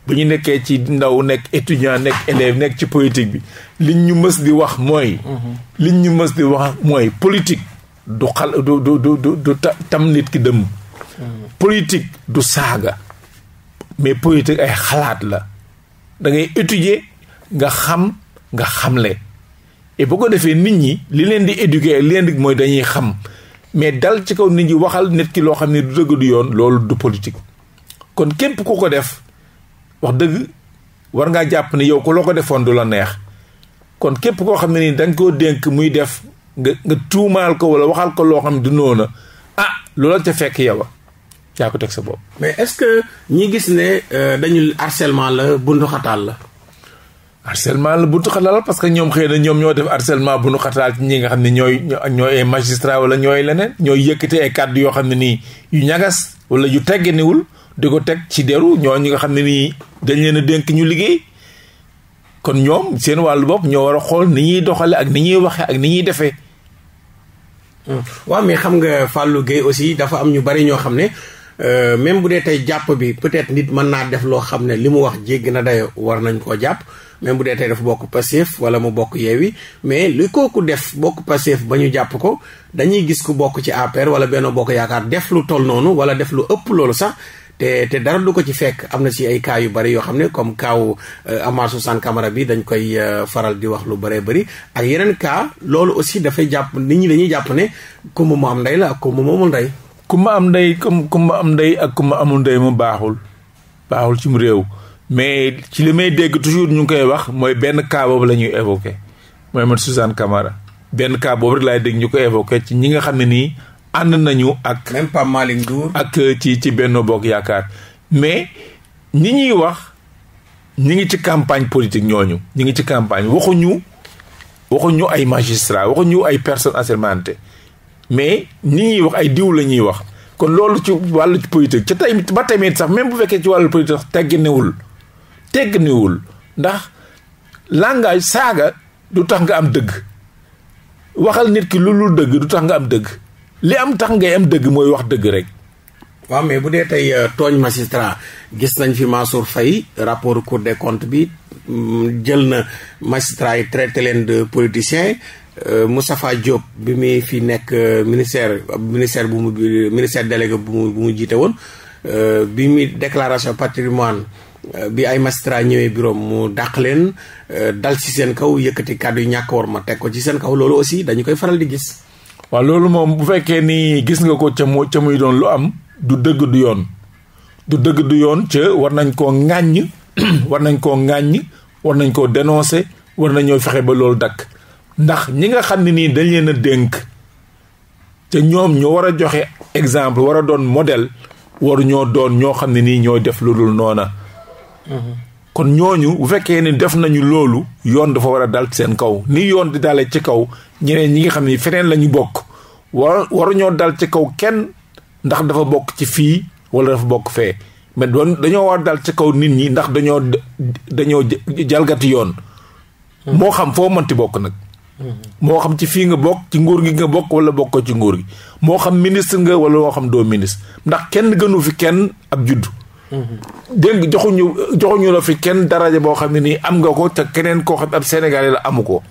bu ñu nekkee ci ndaw nekk étudiant nekk élève nekk ci politique bi li ñu mës di wax mooy mhm. liñ ñu mës di wax mooy politique du xal du du du du tam nit ki dëmm mhm. politique du saaga mais politique ay xalaat la dangay ngay nga xam nga xamle et bu ko defee nit ñi li leen di éduquer li leen di mooy dañuy xam mais dal ci kaw nit ñi waxal nit ki loo xam ne du dëgg du yoon loolu du politique kon képp ku ko def wax dëgg war ngaa jàpp ne yow ko loo ko defoon du la neex kon képp koo xam ne nii da nga dénk muy def nga nga tuumaal ko wala waxal ko loo xam ne du noona ah loola ca fekk yow a yaa ko teg sa bopp mais est-ce que ñi gis ne euh, dañu harcèlement la bunduxataal la harcèlement la bu ñu xatal parce que ñoom xëy na ñoom ñoo def harcèlement bu ñu xataal ci ñi nga xam ne ñooy ñooy ay magistrat wala ñooy leneen ñooy yëkkati ay kàddu yoo xam ne nii yu ñagas wala yu tegginiwul di ko teg ci deru ñoo ñi nga xam ne nii dañ leen a dénk ñu liggéey kon ñoom seen wàllu bopp ñoo war a xool ni ñuy doxale ak ni ñuy waxee ak ni ñuy defee waaw mais xam nga Fallou Gueye aussi dafa am ñu bari ñoo xam ne euh, même bu dee tey jàpp bi peut-être nit mën naa def loo xam ne li mu wax jégg na dayo war nañ koo jàpp même bu dee tey dafa bokk Pastef wala mu bokk Yewwi mais lu kooku def bokk Pastef ba ñu jàpp ko dañuy gis ku bokk ci APR wala Benno Bokk Yaakaar def lu toll noonu wala def lu ëpp loolu sax te te dara du ko ci fekk am na si ay kaa yu bari yoo xam ne comme kaaw euh, Amathou Sane Camara bi dañ koy euh, faral di wax lu bëree bari ak yeneen kaa loolu aussi dafay jàpp nit ñi dañuy jàpp ne kumba mu am ndey la ak kumba mu amul ndey. kumba am ndey kumba am ndey ak kumba amul ndey mu baaxul baaxul ci réew. mais ci li may dégg toujours ñu ngi koy wax mooy benn cas boobu la ñuy évoqué mooy man Suzanne Camara benn cas boobu rek laay dégg ñu ko évoqué ci ñi nga xam ne nii ànd nañu ak. même Pape Malick Ndour ak ci ci benn Bokk Yaakaar mais ñi ñuy wax ñi ngi ci campagne politique ñooñu ñi ngi ci campagne waxuñu waxuñu ay magistrat waxuñu ay personnes assermentées mais ñi ñuy wax ay diw la ñuy wax kon loolu ci wàllu politique ca tey ba tamit sax même bu fekkee ci wàllu politique sax tegginewul tegganiwul ndax langage saaga du tax nga am dëgg waxal nit ki lu lul dëgg du tax nga am dëgg li am tax ngay am dëgg mooy wax dëgg rek. waaw mais bu dee tey euh, tooñ magistrat gis nañ fi Mansour Faye rapport cour des comptes bi mm, jël na magistrat yi traité leen de politicien euh, Moustapha Diop bi muy fi nekk euh, ministère ministère bu mu ministère délégué bu mu mu jiite woon bi muy déclaration patrimoine bi ay magistrat ñëwee bureau mu dàq leen euh, dal ci seen kaw yëkkati kàddu yu ñàkk war ma teg ko ci seen kaw loolu aussi dañu koy faral di gis. waa loolu moom bu fekkee nii gis nga ko ca mu ca muy doon lu am du dëgg du yoon du dëgg du yoon ca war nañ koo ŋàññ [clears throat] war nañ koo ŋàññ war nañ koo dénoncer war nañoo fexe ba loolu dakk ndax ñi nga xam ne nii dañ leen a dénk te ñoom ñu war a joxe exemple war a doon modèle waru ñoo doon ñoo xam ne nii ñooy def lu dul noona kon ñooñu bu fekkee ni def nañu loolu yoon dafa war a dal ci seen kaw ni yoon di dalee ci kaw ñeneen ñi ngi xam ni feneen la ñu bokk war waruñoo dal ci kaw kenn ndax dafa bokk ci fii wala dafa bokk fee mais doon dañoo war dal ci kaw nit ñi ndax dañoo dañoo jalgati yoon moo xam foo mënti bokk nag moo xam ci fii nga bokk ci nguur gi nga bokk wala bokkoo ci nguur gi moo xam ministre nga wala moo xam doo ministre ndax kenn gënu fi kenn ab juddu dégg joxuñu joxuñu la fi kenn daraja boo xam ne nii am nga ko te keneen koo xam ab Sénégalais la amu ko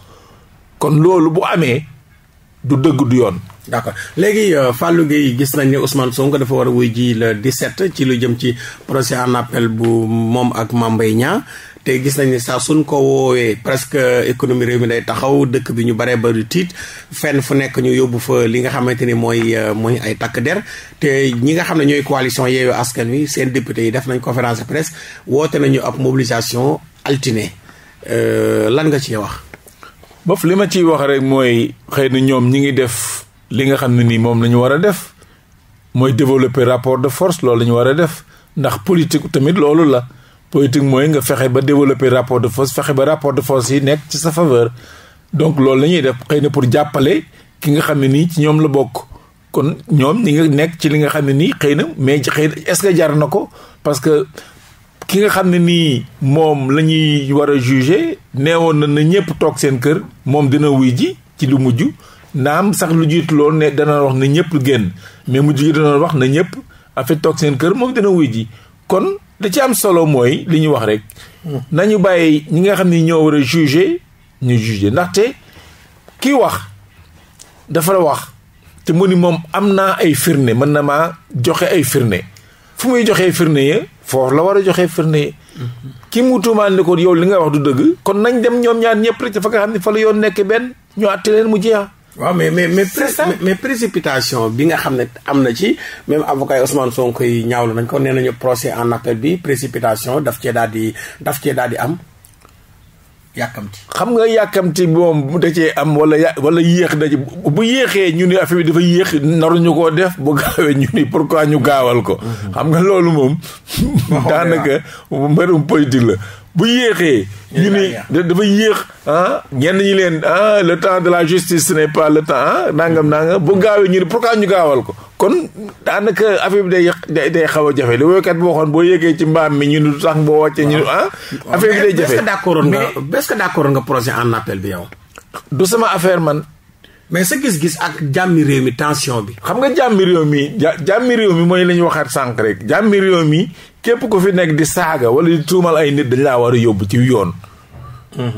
kon loolu bu amee du dëgg du yoon. d' accord léegi euh, fàllu gi gis nañ ne Ousmane Sonko dafa war a wuy ji le 17 ci lu jëm ci procès en appel bu moom ak Mame Mbaye Niang te gis nañ ne saa suñ ko woowee presque économie réew mi day taxaw dëkk bi ñu baree bari tiit fenn fu nekk ñu yóbbu fa li nga xamante ni mooy euh, mooy ay takk der te ñi nga xam ne ñooy coalition Yewwi Askan Wi seen député yi def nañ conférence de woote nañu ab mobilisation altine euh, lan nga ci wax. bof li ma ciy wax rek mooy xëy na ñoom ñi ngi def li nga xam ne nii moom la ñu war a def mooy développer rapport de force loolu lañu war a def ndax politique tamit loolu la. politique mooy nga fexe ba développer rapport de force fexe ba rapport de force yi nekk ci sa faveur donc loolu lañuy def xëy na pour jàppale ki nga xam ne nii ci ñoom la bokk kon ñoom ñi nga nekk ci li nga xam ne nii xëy na mais xëy na est-ce que jar na ko parce que ki nga xam ne nii moom la ñuy war a juger neewoon na na ñëpp toog seen kër moom dina wuy ji ci lu mujj naam sax lu jiitu loolu ne dana wax na ñëpp génn mais mujj gi dana wax na ñëpp en fait toog seen kër moom dina wuy ji kon da ci am solo mooy li ñu wax rek nañu bàyyi ñi nga xam ni ñoo war a juger ñu juger ndaxte kii wax dafa la wax te mu ni moom am naa ay firnde mën na maa joxe ay firnde fu muy joxee firnde ya foofu la war a joxe firne yi ki mu tuumaal ni ko yow li nga wax du dëgg kon nañ dem ñoom ñaar ñëpp rek dafa nga xam ne fa la yoon nekk benn ñu àtte leen mu jeex waaw mais mais mais mais précipitation bi nga xam ne am na ci même avocat yi Ousmane Sonko yi ñaawlu nañ ko nee nañu procès en appel bi précipitation daf cee daal di daf cee daal di am. yàkkamti xam nga yàkkamti moom da cee am wala wala yéex da ci bu yéexee ñu ni affaire bi dafa yéex naruñu ko def bu gaawee ñu ni pourquoi ñu gaawal ko. Mhm. xam nga loolu moom. daanaka mbirum politique la. bu yéexee ñu ni dafa yéex ah ñenn ñi leen ah le temps de la justice ce n'est le temps ah nangam nangam bu gaawee ñu ni kaa ñu gaawal ko kon daanaka affaire bi day day xaw a jafe li woykat bi waxoon boo yéegee ci mbaam mi ñu ni sax boo wàccee ñu ah affaire bi day jafe est-ce que d'accord nga que d'accord nga projet en appel bi yow du sama affaire man mais sa gis-gis ak jàmmi réew mi tension bi xam nga jàmmi réew mi jàmmi réew mi mooy la ñu waxaat sànq rek jàmmi réew mi képp ku fi nekk di saaga wala di tuumal ay nit dañ laa war a yóbbu ci yoon.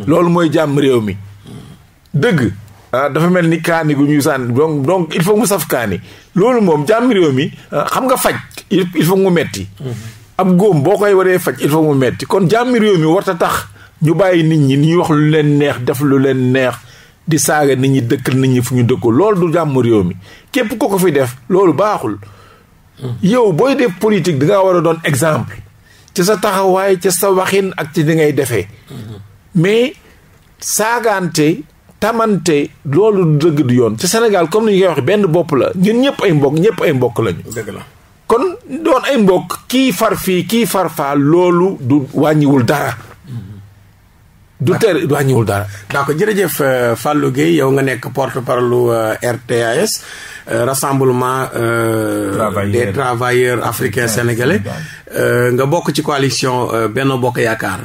loolu mooy jàmm réew mi. dëgg ah dafa mel ni kaani gu ñuy sànni donc donc il faut mu saf kaani loolu moom jàmm réew mi ah, xam nga faj il faut mu metti ab góom boo koy waree faj il faut mu metti kon jàmm réew mi warta tax ñu bàyyi nit ñi ni ñuy wax lu leen neex def lu leen neex di saaga nit ñi dëkk nit ñi fu ñu dëkkul loolu du jàmm réew mi képp ko ko fi def loolu baaxul yow booy def politique da ngaa war a doon exemple ci sa taxawaay ca sa waxin ak ci di ngay defee mais saagaante tamante loolu du dëgg du yoon ci Sénégal comme ni ñu koy wax benn bopp la ñun ñëpp ay mbokk ñëpp ay mbokk lañu dëgg la kon doon ay mbokk kii far fii kii far faa loolu du wàññiwul dara du tere wàññiwul dara d'accord jërëjëf euh, Fallou Guèye yow nga nekk porte-parole euh, RTAS Euh, rassemblement euh, des travailleurs africains sénégalais euh, nga bokk ci coalition benn Bokk Yaakaar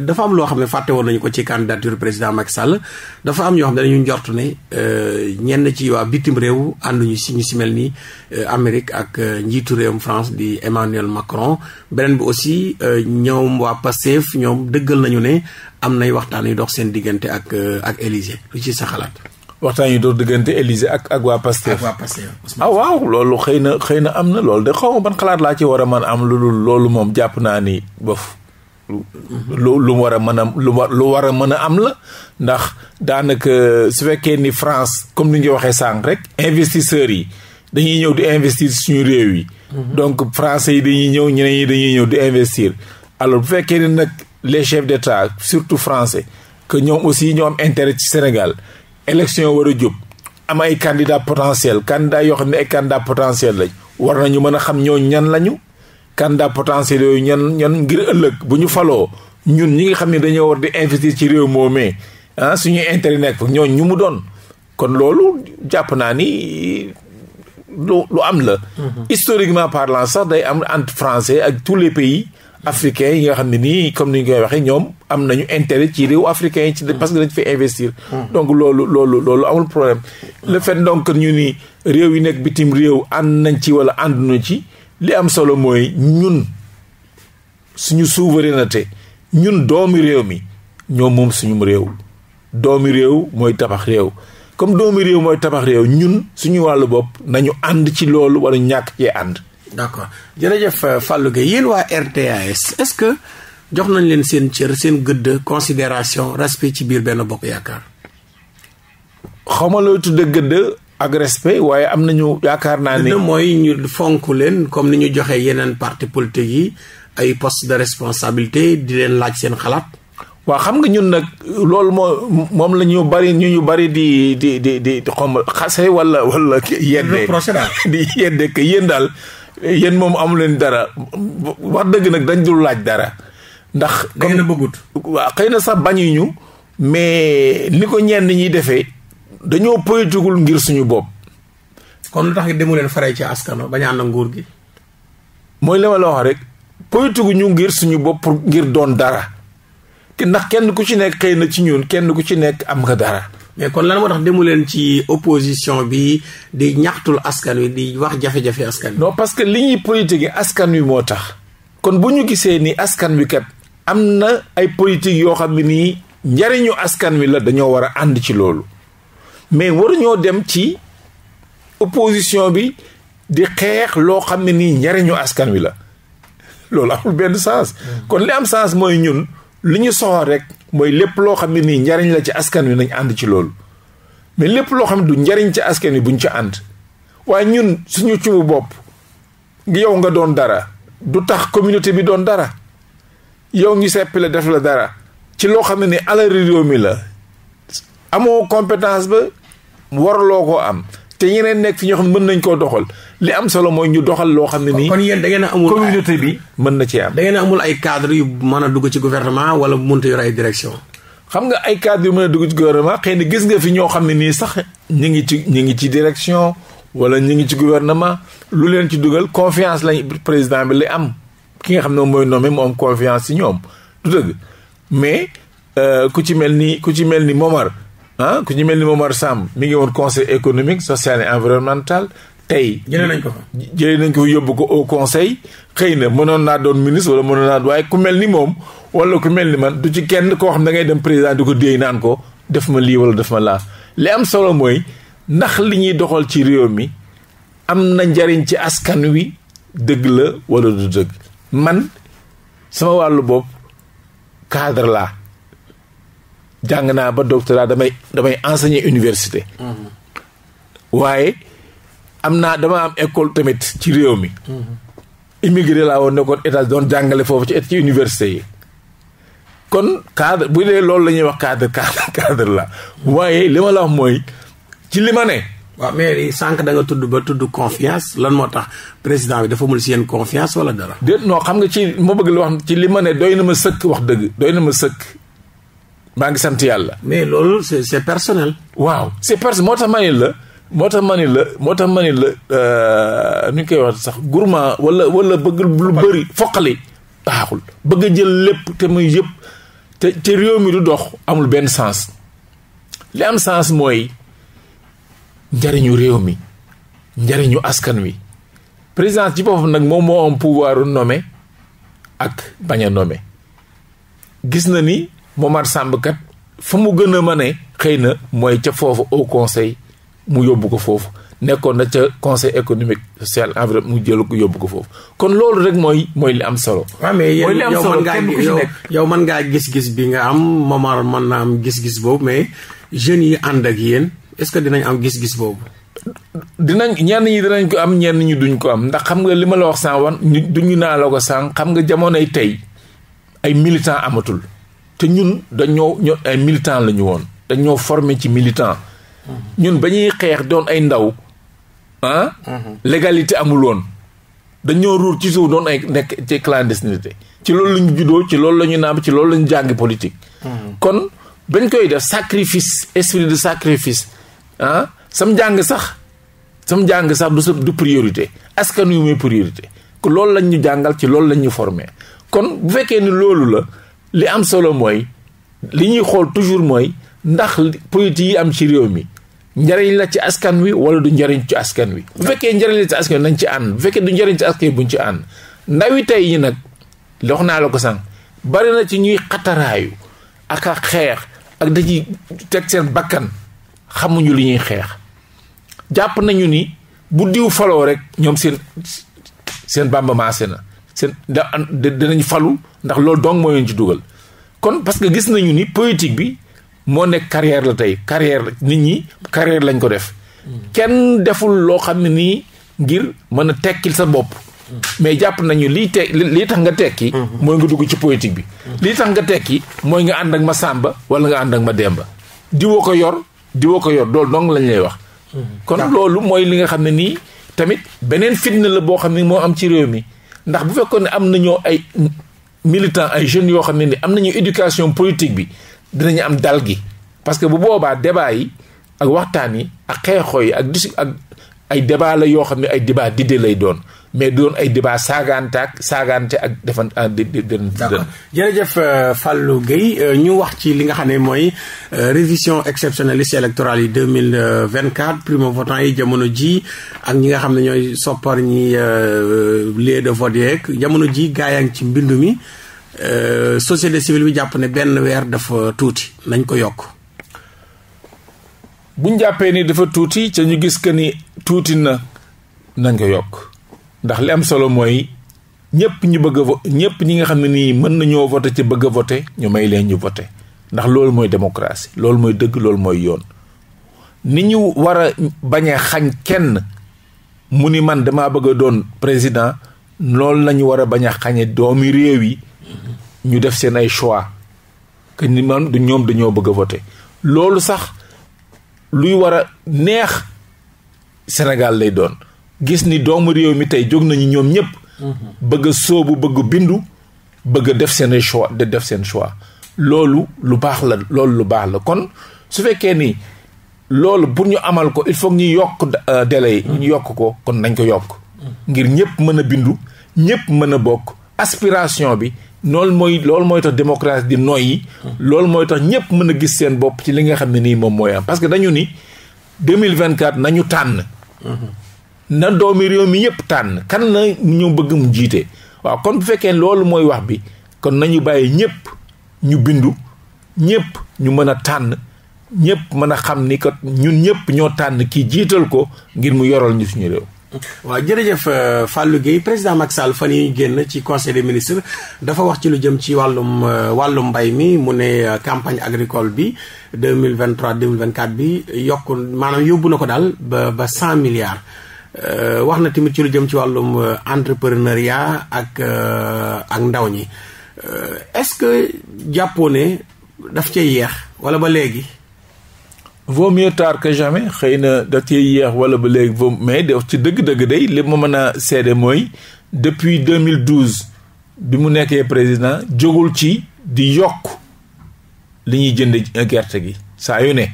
dafa am loo xam ne fàtte woon nañu ko ci candidature président Macky Sall dafa am ñoo xam ne dañu njort ne ñenn ci waa bitim réew ànduñu si ñu si mel ni Amérique ak njiitu réewum France di Emmanuel Macron beneen bi aussi ñoom waa Pastef ñoom dëggal nañu ne am nay waxtaan yu dox seen diggante ak ak Élysée lu ci sa xalaat waxtaan yi doon diggante Élysée ak ak waa Pastef ah waaw loolu xëy na xëy na am na loolu de xaw ma ban xalaat laa ci war a mën am lu loolu moom jàpp naa ni bof lu lu war a mën a lu lu war a mën a am la ndax daanaka su fekkee ni France comme ni nga waxee sànq rek investisseurs yi dañuy ñëw di investir suñu réew yi mhm. donc français yi dañuy ñëw ñeneen ñi dañuy ñëw di investir alors bu fekkee ne nag les chefs d'État surtout français que ñëw aussi ñoo am intérêt ci Sénégal élection war a jub am ay candidat potentiel candidat yoo xam ne ay candidat potentiel lañ war nañu mën a xam ñoo ñan lañu candidat potentiel yooyu ñan ñan ngir ëllëg bu ñu faloo ñun ñi ngi xam ne dañoo war di investir ci réew moomee ah suñu intérêt nekk ñoo ñu mu doon kon loolu jàpp naa ni lu lu am la mm-hmm. historiquement parlant sax day am entre français ak tous les pays africain yi nga xam ne nii comme ni ñu koy waxee ñoom am nañu intérêt ci réew africain yi ci parce que dañu fi investir hmm. donc loolu loolu loolu amul problème hmm. le fait donc ñu nii réew yi nekk bitim réew ànd nañ ci wala ànduna ci li am solo mooy ñun suñu souveraineté ñun doomi réew mi ñoom moom suñu réew doomi réew mooy tabax réew comme doomi réew mooy tabax réew ñun suñu wàllu bopp nañu ànd ci loolu wala ñàkk cee ànd d' accord jërëjëf euh, Fallou Gueye yéen waa RTAS est ce que jox nañ leen seen cër seen gëdd considération respect ci biir benn bokk yaakaar. xaw ma looy tudde gëdd ak respect waaye am nañu yaakaar naa ni. mooy ñu fonk leen comme ni ñu joxee yeneen parti politique yi ay poste de responsabilité di leen laaj seen xalaat. waa xam nga ñun nag loolu moo moom la ñu bari ñu ñu bari di di di di xom xase wala wala. yedde di yedde que yéen daal. yéen moom amu leen dara wax dëgg nag dañ dul laaj dara ndax comme na bëggut waa xëy na sax bañuñu mais ni ko ñenn ñi defee dañoo politigul ngir suñu bopp kon lu tax demu leen faree ci askano bañaan na ak nguur gi mooy li ma la wax rek politigu ñu ngir suñu bopp ngir doon dara ndax kenn ku ci nekk xëy na ci ñun kenn ku ci nekk am nga dara mais kon lan moo tax demu leen ci opposition bi di ñaxtul askan wi di wax jafe-jafe askan wi. non parce que li ñuy politique askan wi moo tax. kon bu ñu gisee ni askan wi kat am na ay politique yoo xam ne nii njariñu askan wi la dañoo war a ànd ci loolu mais waruñoo dem ci opposition bi di xeex loo xam ne nii njariñu askan wi la [laughs] loolu amul benn sens. Hmm. kon li am sens mooy ñun. li ñu soxal rek mooy lépp loo xam ne nii njariñ la ci askan wi nañ ànd ci loolu mais lépp loo xam ne du njariñ ci askan wi buñ ci ànd waaye ñun suñu cubu bopp yow nga doon dara du tax communauté bi doon dara yow ngi seppi la def la dara ci loo xam ne ni alal réew mi la amoo compétence ba waraloo ko am te ñeneen nekk fi ñoo xam ne mën nañ koo doxal li am solo mooy ñu doxal loo xam ne nii. kon yéen da ngeen a amul communauté bi mën na cee am. amul ay cadre yu mën a dugg ci gouvernement wala mënut a yor ay direction xam nga ay cadre yu mën a dugg ci gouvernement xëy na gis nga fi ñoo xam ne nii sax ñu ngi ci ñu ngi ci direction wala ñu ngi ci gouvernement lu leen ci dugal confiance lañ président bi li am ki nga xam ne mooy nommé moom am confiance ci ñoom du dëgg mais euh, ku ci mel ni ku ci mel ni Momar. ah ku ñu mel ni Momar Samb mi ngi woon conseil économique social et environnemental tey. jëlee nañ ko fa jëlee nañ ko yóbbu ko au conseil xëy na mënoon naa doon ministre wala mënoon naa waaye ku mel ni moom wala ku mel ni man du ci kenn koo xam da ngay dem président di ko déey naan ko def ma lii wala def ma laa li am solo mooy ndax li ñuy doxal ci réew mi am na njariñ ci askan wi dëgg la wala du dëgg man sama wàllu boobu cadre laa jàng naa ba doctorat damay damay enseigner université. Mm-hmm. waaye am naa dama am école tamit ci réew mi. Mm-hmm. immigré laa woon nekkoon état doon jàngale foofu ci et ci université yi. kon cadre bu dee loolu la ñuy wax cadre cadre la mm-hmm. waaye li ma la wax mooy ci li ma ne. waaw mais sànq danga tudd ba tudd confiance lan moo tax président bi dafa mul si yéen confiance wala dara. déet non xam nga ci ma bëgg la wax ci li ma ne doy na ma sëkk wax dëgg doy na ma sëkk. maa ngi sant yàlla. mais loolu c'est c'est personnel. waaw c'est personnel moo tax ma ni la moo tax ma ni la moo tax ma ni la euh, nu ñu koy wax sax gourmand wala wala bëgg lu bëri foqali baaxul bëgg a jël lépp te muy yëpp te te réew mi du dox amul benn sens li am sens mooy njariñu réew mi njariñu askan wi présidence ci boppam nag moom moo am pouvoir nommer ak bañ a nommer gis na ni. Momar Samb kat fa mu gën a ne xëy na mooy ca foofu au conseil mu yóbbu ko foofu nekkoon na ca conseil économique social environnement mu jël ko yóbbu ko foofu kon loolu rek mooy mooy li am solo. waaw mais yow mën ngaa yow mën ngaa gis-gis bi nga am Momar man naa am gis-gis boobu mais jeunes yi ànd ak yéen est-ce que dinañ am gis-gis boobu. dinañ ñenn ñi dinañ ko am ñenn ñi duñ ko am ndax xam nga li ma la wax sànq wan duñu naa la ko sànq xam nga jamonoy tey ay militants amatul. te ñun dañoo ñoo ay militant la ñu woon dañoo formé ci militant ñun ba ñuy xeex doon ay ndaw ah mhm. légalité amul woon dañoo ruur ci suuf doon ay nekk ci clandestinité ci loolu la ñu ci loolu la ñu naam ci loolu lañu ñu jàngi politique mhm. kon bañ koy def sacrifice esprit de sacrifice ah sam jàng sax sam jàng sax du sa priorité askan wi mooy priorité loolu lañ ñu jàngal ci loolu lañ ñu formé kon bu fekkee ni loolu la li am solo mooy li ñuy xool toujours mooy ndax politique yi am ci réew mi njariñ la ci askan wi wala du njariñ ci askan wi bu fekkee njariñ la ci askan wi nañ ci ànd bu fekkee du njariñ ci askan wi buñ ci ànd ndawi tey yi nag loxo naa la ko sànq bari na ci ñuy xataraayu ak a xeex ak daji teg seen bakkan xamuñu li ñuy xeex jàpp nañu ni bu diw faloo rek ñoom seen seen bàmba na seen da danañ falu ndax loolu dong moo leen ci dugal kon parce que gis nañu ni politique bi moo nekk carrière la tey carrière nit ñi carrière lañ ko def kenn deful loo xam ne nii ngir mën a tekkil sa bopp mais jàpp nañu lii te lii tax nga tekki mooy nga dugg ci politique bi lii tax nga tekki mooy nga ànd ak ma sàmba wala nga ànd ak ma demba di woo ko yor di ko yor loolu dong lañ lay wax mm-hmm. kon loolu mooy li nga xam ne nii tamit beneen fitna la boo xam ne moo am ci réew mi ndax bu fekkoon ne am nañoo ay militants ay jeunes yoo xam ne ni am nañu éducation politique bi dinañu am dal gi parce que bu boobaa débat yi ak waxtaan yi ak xeexoo yi ak dis ak ay débat la yoo xam ne ay débat d'idées lay doon mais du doon ay débat saagaantaak saagaante ak defan ah, di di den d'accord jërëjëf euh, Fallou Gueye euh, ñu wax ci li nga xam ne mooy euh, révision exceptionnelle liste électorale yi 2024 primo votant yi jamono ji ak ñi nga xam ne ñooy soppar ñi lieu de vote yeeg jamono ji gaa ngi ci mbind mi société civile bi jàpp ne benn weer dafa tuuti nañ ko yokk buñ jàppee ni dafa tuuti ca ñu gis que ni tuuti na nañ ko yokk ndax li am solo mooy ñëpp ñu bëgg a ñi nga xam ne nii mën nañoo voté ci bëgg a ñu may leen ñu voté ndax loolu mooy démocratie loolu mooy dëgg loolu mooy yoon ni ñu war a bañ a xañ kenn mu ni man damaa bëgg doon président loolu lañu war a bañ a xañe doomi réew yi ñu def seen ay choix que ni man du ñoom dañoo bëgg a voté loolu sax luy war a neex Sénégal lay doon gis ni doomu réew mi tey jóg nañu ñoom ñëpp. bëgg a bëgg bindu bëgg def seen choix de def seen choix loolu lu baax la loolu lu baax la kon su fekkee ni loolu pour ñu amal ko il faut ñu yokk euh, délai yi. ñu yokk ko kon nañ ko yokk. ngir ñëpp mën a bindu ñëpp mën a bokk aspiration bi. loolu mooy loolu mooy tax démocratie di yi loolu mooy tax ñëpp mën a gis seen bopp ci li nga xam ne nii moom mooy am parce que dañu ni deux mille vingt quatre nañu tànn. na doomi réew mi yëpp tànn kan na ñu bëgg mu jiite waaw kon bu fekkee loolu mooy wax bi kon nañu bàyyi ñëpp ñu bindu ñëpp ñu mën a tànn ñëpp mën a xam ni kat ñun ñëpp ñoo tànn kii jiital ko ngir mu yoral ñu suñu réew. waaw jërëjëf euh, fàllu Guèye président Macky Sall fan yi génn ci conseil des ministres dafa wax ci lu jëm ci wàllum euh, wàllum mbay mi mu ne euh, campagne agricole bi mille vingt 2024 bi yokku maanaam yóbbu na ko daal ba ba cent milliards. Euh, wax na timit ci lu jëm ci wàllum euh, entrepreneuriat ak euh, ak ndaw ñi est-ce que jàppoo ne daf cay yeex walla ba léegi. vaut mieux tard que jamais xëy na daf cay yeex walla ba léegi vaut mais def ci dëgg-dëgg day li ma mën a seede mooy depuis 2012 bi mu nekkee président jógul ci di yokk li ñuy jënd gerte gi saa yu ne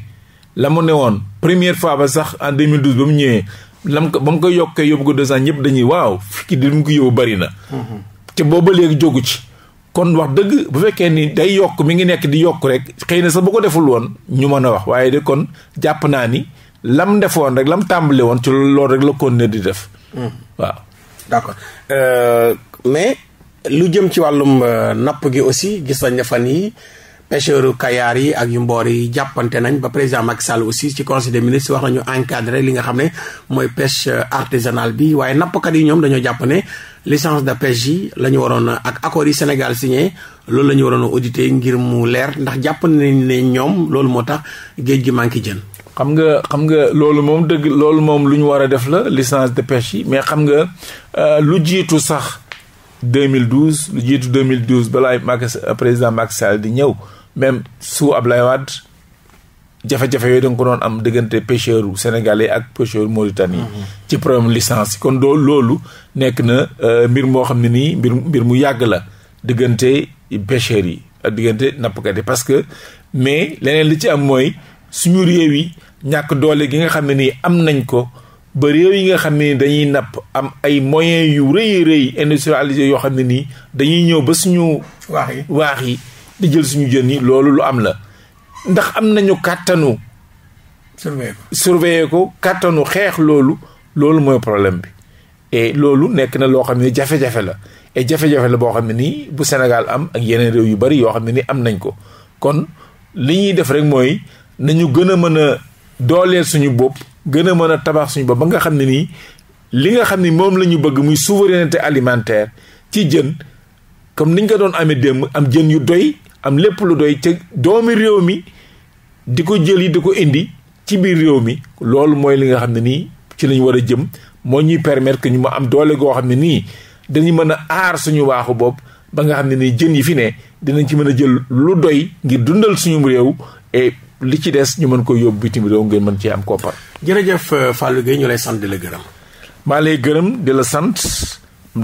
la mu ne woon première fois ba sax en 2012 ba mu ñëwee. lam ko ba mu koy yokkee yóbbu ko deux ans ñëpp dañuy waaw fii di mu ko yóbbu bari na. te booba léegi jógu ci. kon wax dëgg bu fekkee nii day yokk mi ngi nekk di yokk rek xëy na sax bu ko deful woon ñu mën a wax waaye de kon jàpp naa ni lam defoon rek lam tàmbalee woon ci loolu rek la continuer di def. Hmm. waaw. d'accord euh, mais lu jëm ci wàllum euh, napp gi aussi gis nañ ne fan yi pêcheurs kayaar yi ak yu mboor yi jàppante nañ ba président Macky Sall aussi ci conseil des ministres wax nañu encadré li nga xam ne mooy pêche artisanale bi waaye nappkat yi ñoom dañoo jàpp ne licence de pêche yi la ñu waroon ak accord yi Sénégal signé loolu lañu ñu waroon audité ngir mu leer ndax jàpp nañ ne ñoom loolu moo tax géej gi manqué jën. xam nga xam nga loolu moom dëgg loolu moom lu ñu war a def la licence de pêche yi mais xam nga euh, lu jiitu sax. 2012 lu jiitu 2012 balaa Macky euh, président Macky Sall di ñëw même sous Ablaye Wade jafe-jafe yooyu da ko doon am diggante pêcheur sénégalais ak pêcheur mauritanien mm-hmm. ci problème licence kon doo loolu nekk na euh, mbir moo xam ne nii mbir mbir mu yàgg la diggante pêcheurs yi ak diggante nappkat yi parce que mais leneen li ci am mooy suñu réew yi ñàkk doole gi nga xam ne nii am nañ ko ba réew yi nga xam ne dañuy napp am ay moyen yu rëy rëy industrialisé yoo xam ne nii dañuy ñëw ba suñu. waax yi waax jël suñu jën yi loolu lu am la ndax am nañu kàttanu. surveiller ko ko kàttanu xeex loolu loolu mooy problème bi et loolu nekk na loo xam ne jafe-jafe la et jafe-jafe la boo xam ne nii bu Sénégal am ak yeneen réew yu bari yoo xam ne nii am nañ ko kon li ñuy def rek mooy nañu gën a mën a. dooleel suñu bopp gën a mën a tabax suñu bopp ba nga xam ne nii li nga xam ne moom la ñu bëgg muy souveraineté alimentaire ci jën comme niñ ko doon amee démb am jën yu doy am lépp lu doy ca doomi réew mi di ko jël yi di ko indi ci biir réew mi loolu mooy li nga xam ne nii ci lañ war a jëm moo ñuy permettre que ñu mu am doole goo xam ne nii dañu mën a aar suñu waaxu bopp ba nga xam ne nii jën yi fi ne dinañ ci mën a jël lu doy ngir dundal suñu réew et li ci des ñu mën ko yóbbu bitim réew ngeen mën cee am koppar. jërëjëf euh, Fallou Gueye ñu lay sant di la gërëm. maa lay gërëm di la sant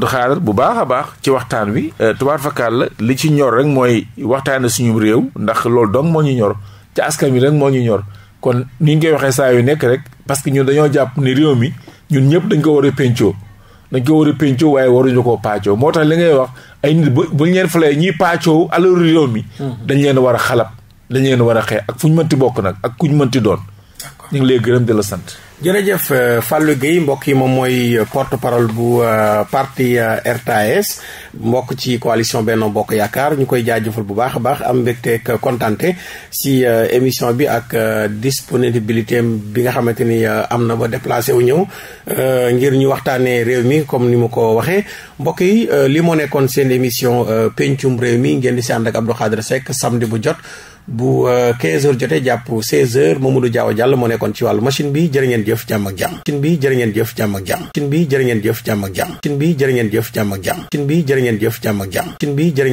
du xaaral bu baax a baax ci waxtaan wi. Euh, tubaab fakkaat la li ci ñor rek mooy waxtaane suñu réew ndax loolu dong moo ñu ñor ci askan wi rek moo ñu ñor kon ni ñu koy waxee saa yu nekk rek parce que ñun dañoo jàpp ni réew mi ñun ñëpp dañ ko war a pencoo dañ ko war a pencoo waaye waruñu koo paacoo moo tax li ngay wax ay nit bu bu ñu leen falee ñiy paacoo alalu mi. Hmm. dañ leen war a xalab. lañ leen war a xee ak fu ñu mënti bokk nag ak ku ñu mënti doon. ñu ngi lay gërëm di la sant. jërëjëf euh, Fallou Guèye mbokk yi moom mooy euh, porte parole bu euh, parti RTAS mbokk ci coalition Benno Bokk Yaakaar ñu koy jëfal bu baax a baax am mbégteeg kontaante si émission bi ak disponibilité bi nga xamante ni am na ba déplacé wu ñëw ngir ñu waxtaanee réew mi comme ni mu ko waxee mbokk yi li moo nekkoon seen émission pencum réew mi ngeen di si ànd ak Abdou Khadre Seck samedi bu jot. bu 15 euh, heures jotee jàpp 16 heures Mamadou Diaw Diallo moo nekkoon ci wàllu machine bi jërë ngeen jëf jàmm ak jàmm machine bi jërë ngeen jëf jàmm ak jàmm machine bi jërë jëf jàmm ak jàmm machine bi jërë jëf jàmm ak jàmm machine bi jërë